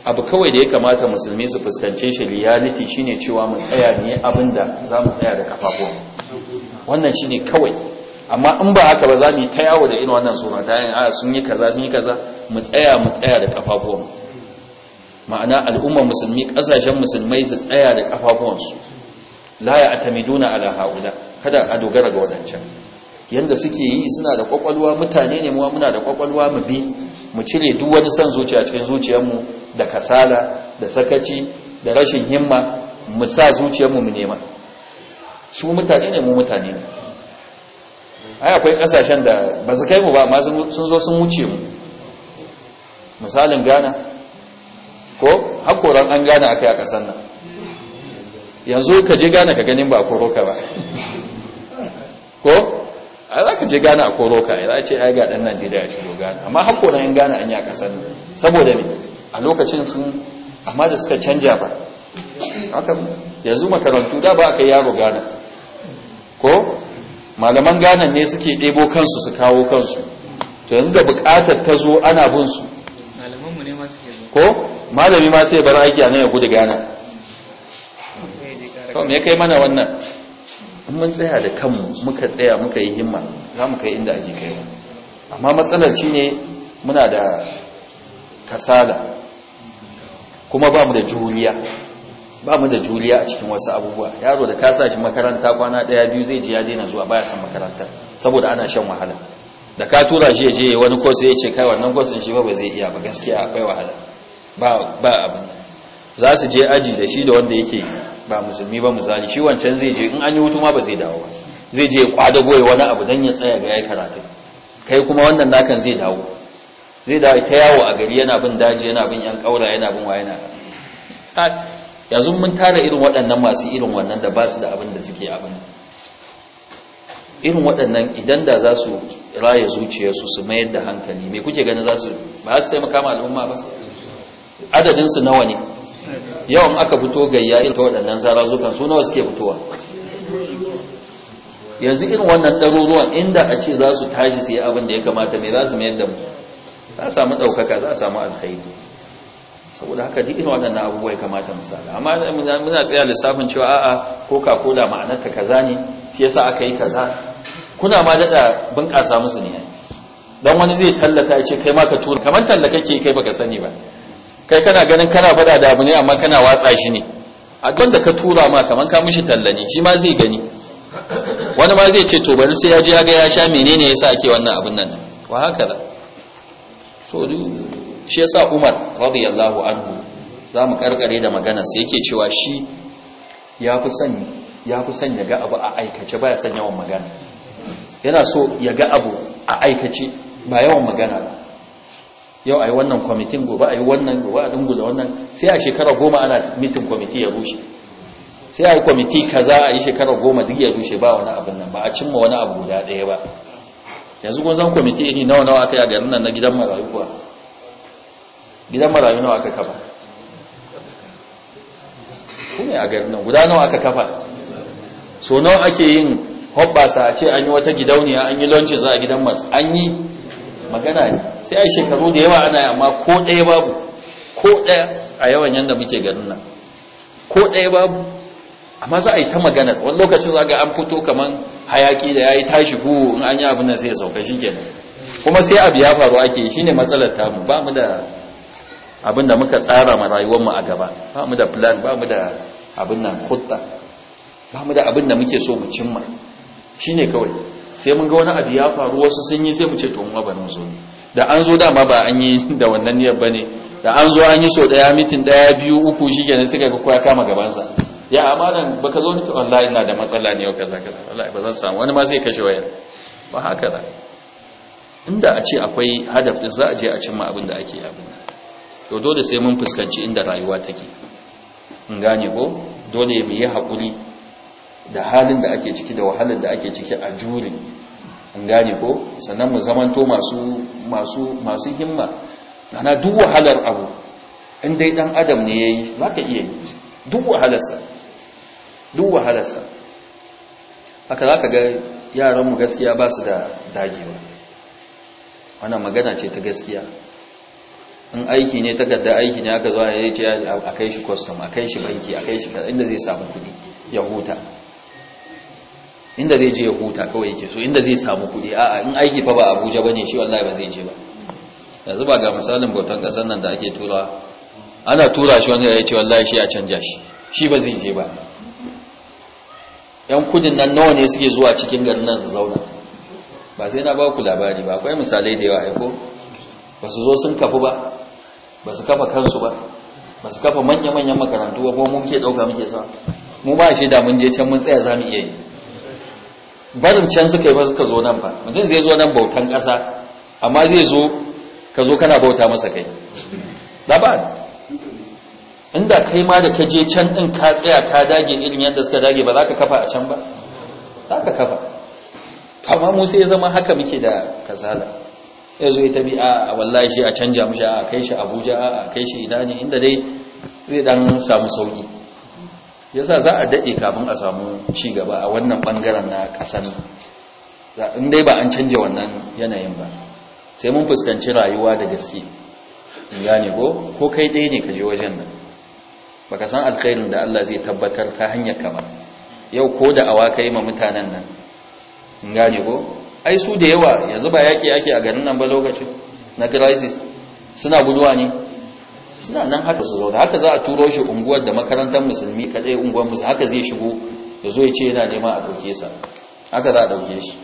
abu kawai da ya kamata musulmi su fuskance shi liyaliti shine cewa mu tsaya ne abinda za mu tsaya da kafafuwa wannan shine kawai amma in ba haka ba za mu yi ta yawo da irin wannan sura ta yin a ah, sun yi kaza sun yi kaza mu tsaya mu tsaya da kafafuwan ma'ana al'ummar musulmi kasashen musulmai su tsaya da kafafuwansu la ya atamiduna ala haula kada a dogara ga wadancan yanda suke yi suna da kwakwalwa mutane ne muwa muna da kwakwalwa mu bi mu cire duk wani san zuciya cikin zuciyarmu da kasala da sakaci da rashin himma mu sa zuciyarmu mu nema su mutane ne mu mutane ne ai akwai kasashen da ba su kai mu ba amma sun zo sun wuce mu misalin Ghana ko hakoran an Ghana akai a kasan nan yanzu ka je Ghana ka ganin ba a koroka ba ko a za ka je Ghana a koroka ya za ce ya ga ɗan najeriya shigo Ghana. amma hakoran an Ghana an yi a ƙasar saboda ne a lokacin sun amma da suka canja ba haka yanzu makarantu da ba kai yaro Ghana. ko malaman ganan ne suke ɗebo kansu su kawo kansu to yanzu da buƙatar ta zo ana bin su ko malami ma sai bar aiki a ya gudu gana kawai ya kai mana wannan in mun tsaya da kanmu muka tsaya muka yi himma za mu kai inda ake kai amma matsalar shi ne muna da kasala kuma ba mu da juriya ba mu da juriya a cikin wasu abubuwa yaro da ka sa shi makaranta kwana daya biyu zai ji ya daina zuwa baya san makarantar saboda ana shan wahala da ka tura shi je wani kosu ya ce kai wannan kosun shi ba zai iya ba gaskiya akwai wahala ba ba abin za su je aji da shi da wanda yake ba musulmi ba misali shi wancan zai je in an yi hutu ma ba zai dawo ba zai je kwada goye wani abu dan ya tsaya ga yayi karatu kai kuma wannan nakan zai dawo zai dawo ta yawo a gari yana bin daji yana bin yan kaura yana bin wayana yanzu mun tara irin waɗannan masu irin wannan da ba su da abin da suke abin irin waɗannan idan da za su raya zuciyarsu su mayar da hankali mai kuke gani za su ba su taimaka ma al'umma ba adadinsu nawa ne yawan aka fito gayya irin ta waɗannan zarazukan su nawa suke fitowa yanzu irin wannan ɗaruruwan inda a ce za su tashi su yi abin da ya kamata mai za su mayar da mu za a samu ɗaukaka za a samu alkhairi saboda haka duk irin waɗannan abubuwa ya kamata misali amma muna tsaya lissafin cewa a'a coca cola ma'anarta kaza ne shi yasa aka yi kaza kuna ma daɗa bunƙasa musu ne dan wani zai tallata ya ce kai ma ka tura kamar talla ke kai baka sani ba kai kana ganin kana bada da abu ne amma kana watsa shi ne a don da ka tura ma kamar ka mishi talla ne shi ma zai gani wani ma zai ce to bari sai ya je ya ga ya sha menene yasa ake wannan abun nan wa haka da to shi yasa Umar radiyallahu anhu zamu karkare da magana sai yake cewa shi ya fi son ya fi son ya ga abu a aikace baya son yawan magana yana so ya ga abu a aikace ba yawan magana ba yau ai wannan kwamitin gobe ai wannan gobe a dungu da wannan sai a shekara goma ana mitin kwamiti ya rushe sai ai committee kaza a yi shekara goma duk ya rushe ba wani abin nan ba a cimma wani abu guda ɗaya ba yanzu kun san kwamiti iri nawa nawa aka yi a garin nan na gidan marayu kuwa gidan marayu nawa aka kafa ku a garin nan guda nawa aka kafa so nawa ake yin hobbasa a ce an yi wata gidauniya an yi za a gidan mas an yi magana ne sai a shekaru da yawa ana yi amma ko ɗaya babu ko ɗaya a yawan yadda muke garin nan ko ɗaya babu amma za a yi ta maganar wani lokacin za ga an fito kamar hayaki da ya yi tashi fu in an yi abin da sai ya sauka shi kenan kuma sai abu ya faru ake shi ne matsalar tamu ba mu da abinda muka tsara ma rayuwarmu a gaba ba mu da plan ba mu da abin nan kutta ba mu da abin da muke so mu cimma shine kawai sai mun ga wani abu ya faru wasu sun yi sai mu ce to mu ba mu zo ne da an zo dama ba an yi da wannan niyyar bane da an zo an yi so daya mitin daya biyu uku shikenan suka ga kowa kama gabansa ya amanan baka zo ni to wallahi ina da matsala ne yau kaza kaza wallahi ba zan samu wani ma zai kashe waya ba haka da inda a ce akwai hadaf din za a je a cimma abin da ake abin to dole sai mun fuskanci inda rayuwa take in gane ko dole mu yi hakuri da halin da ake ciki da wahalar da ake ciki a juri in gane ko sannan mu zamanto masu masu masu himma ana duk wahalar abu in dai dan adam ne yayi zaka iya yi duk wahalarsa duk wahalarsa haka zaka ga yaran mu gaskiya ba su da dagewa wannan magana ce ta gaskiya in aiki ne takarda aiki ne aka zuwa ya ce a kai shi custom a kai shi banki a kai shi inda zai samu kudi ya huta inda zai je ya huta kawai yake so inda zai samu kudi a in aiki fa ba abuja ba ne shi wallahi ba zai je ba yanzu ba ga misalin bautan kasar nan da ake tura ana tura shi wani ya ce wallahi shi a canja shi shi ba zai je ba yan kudin nan nawa ne suke zuwa cikin garin nan su zauna ba sai na ba ku labari ba akwai misalai da yawa ko ba su zo sun kafu ba ba su kafa kansu ba ba su kafa manya-manyan makarantu ba mun ke ɗauka muke sa mu ba shi da mun je can mun tsaya za mu iya yi barin can suka yi ba suka zo nan ba mutum zai zo nan bautan ƙasa amma zai zo ka zo kana bauta masa kai da ba inda kai ma da ka je can ɗin ka tsaya ka dage irin yadda suka dage ba za ka kafa a can ba za ka kafa amma mu sai zama haka muke da kasala ya zo ita bi a wallahi shi a canja mushi a kai shi abuja a kai shi ina ne inda dai zai dan samu sauki yasa za a daɗe kafin a samu shi gaba a wannan bangaren na ƙasan in dai ba an canja wannan yanayin ba sai mun fuskanci rayuwa da gaske gane ko ko kai ɗaya ne ka je wajen nan baka san alkhairin da Allah zai tabbatar ta hanyar ka ba yau ko da awa ka yi ma mutanen nan in gane ko ai su da yawa yanzu ba yaƙi ake a garin nan ba lokacin na crisis suna guduwa ne suna nan haka su zauna haka za a turo shi unguwar da makarantar musulmi kadai unguwar musulmi haka zai shigo ya zo ya ce yana nema a ɗauke sa haka za a ɗauke shi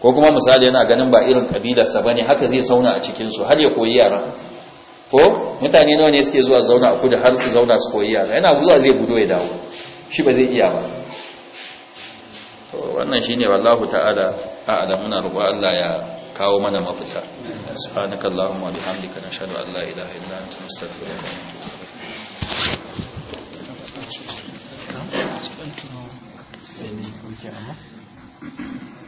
ko kuma misali yana ganin ba irin ƙabilarsa ba ne haka zai sauna a cikinsu har ya koyi yara ko mutane nawa ne suke zuwa zauna a kudu har su zauna su koyi yara yana zuwa zai gudo ya dawo shi ba zai iya ba wannan shine wallahu ta'ala a'ala muna roƙo Allah ya kawo mana mafita subhanaka allahumma wa bihamdika nashhadu an la ilaha illa anta nastaghfiruka wa natubu ilayk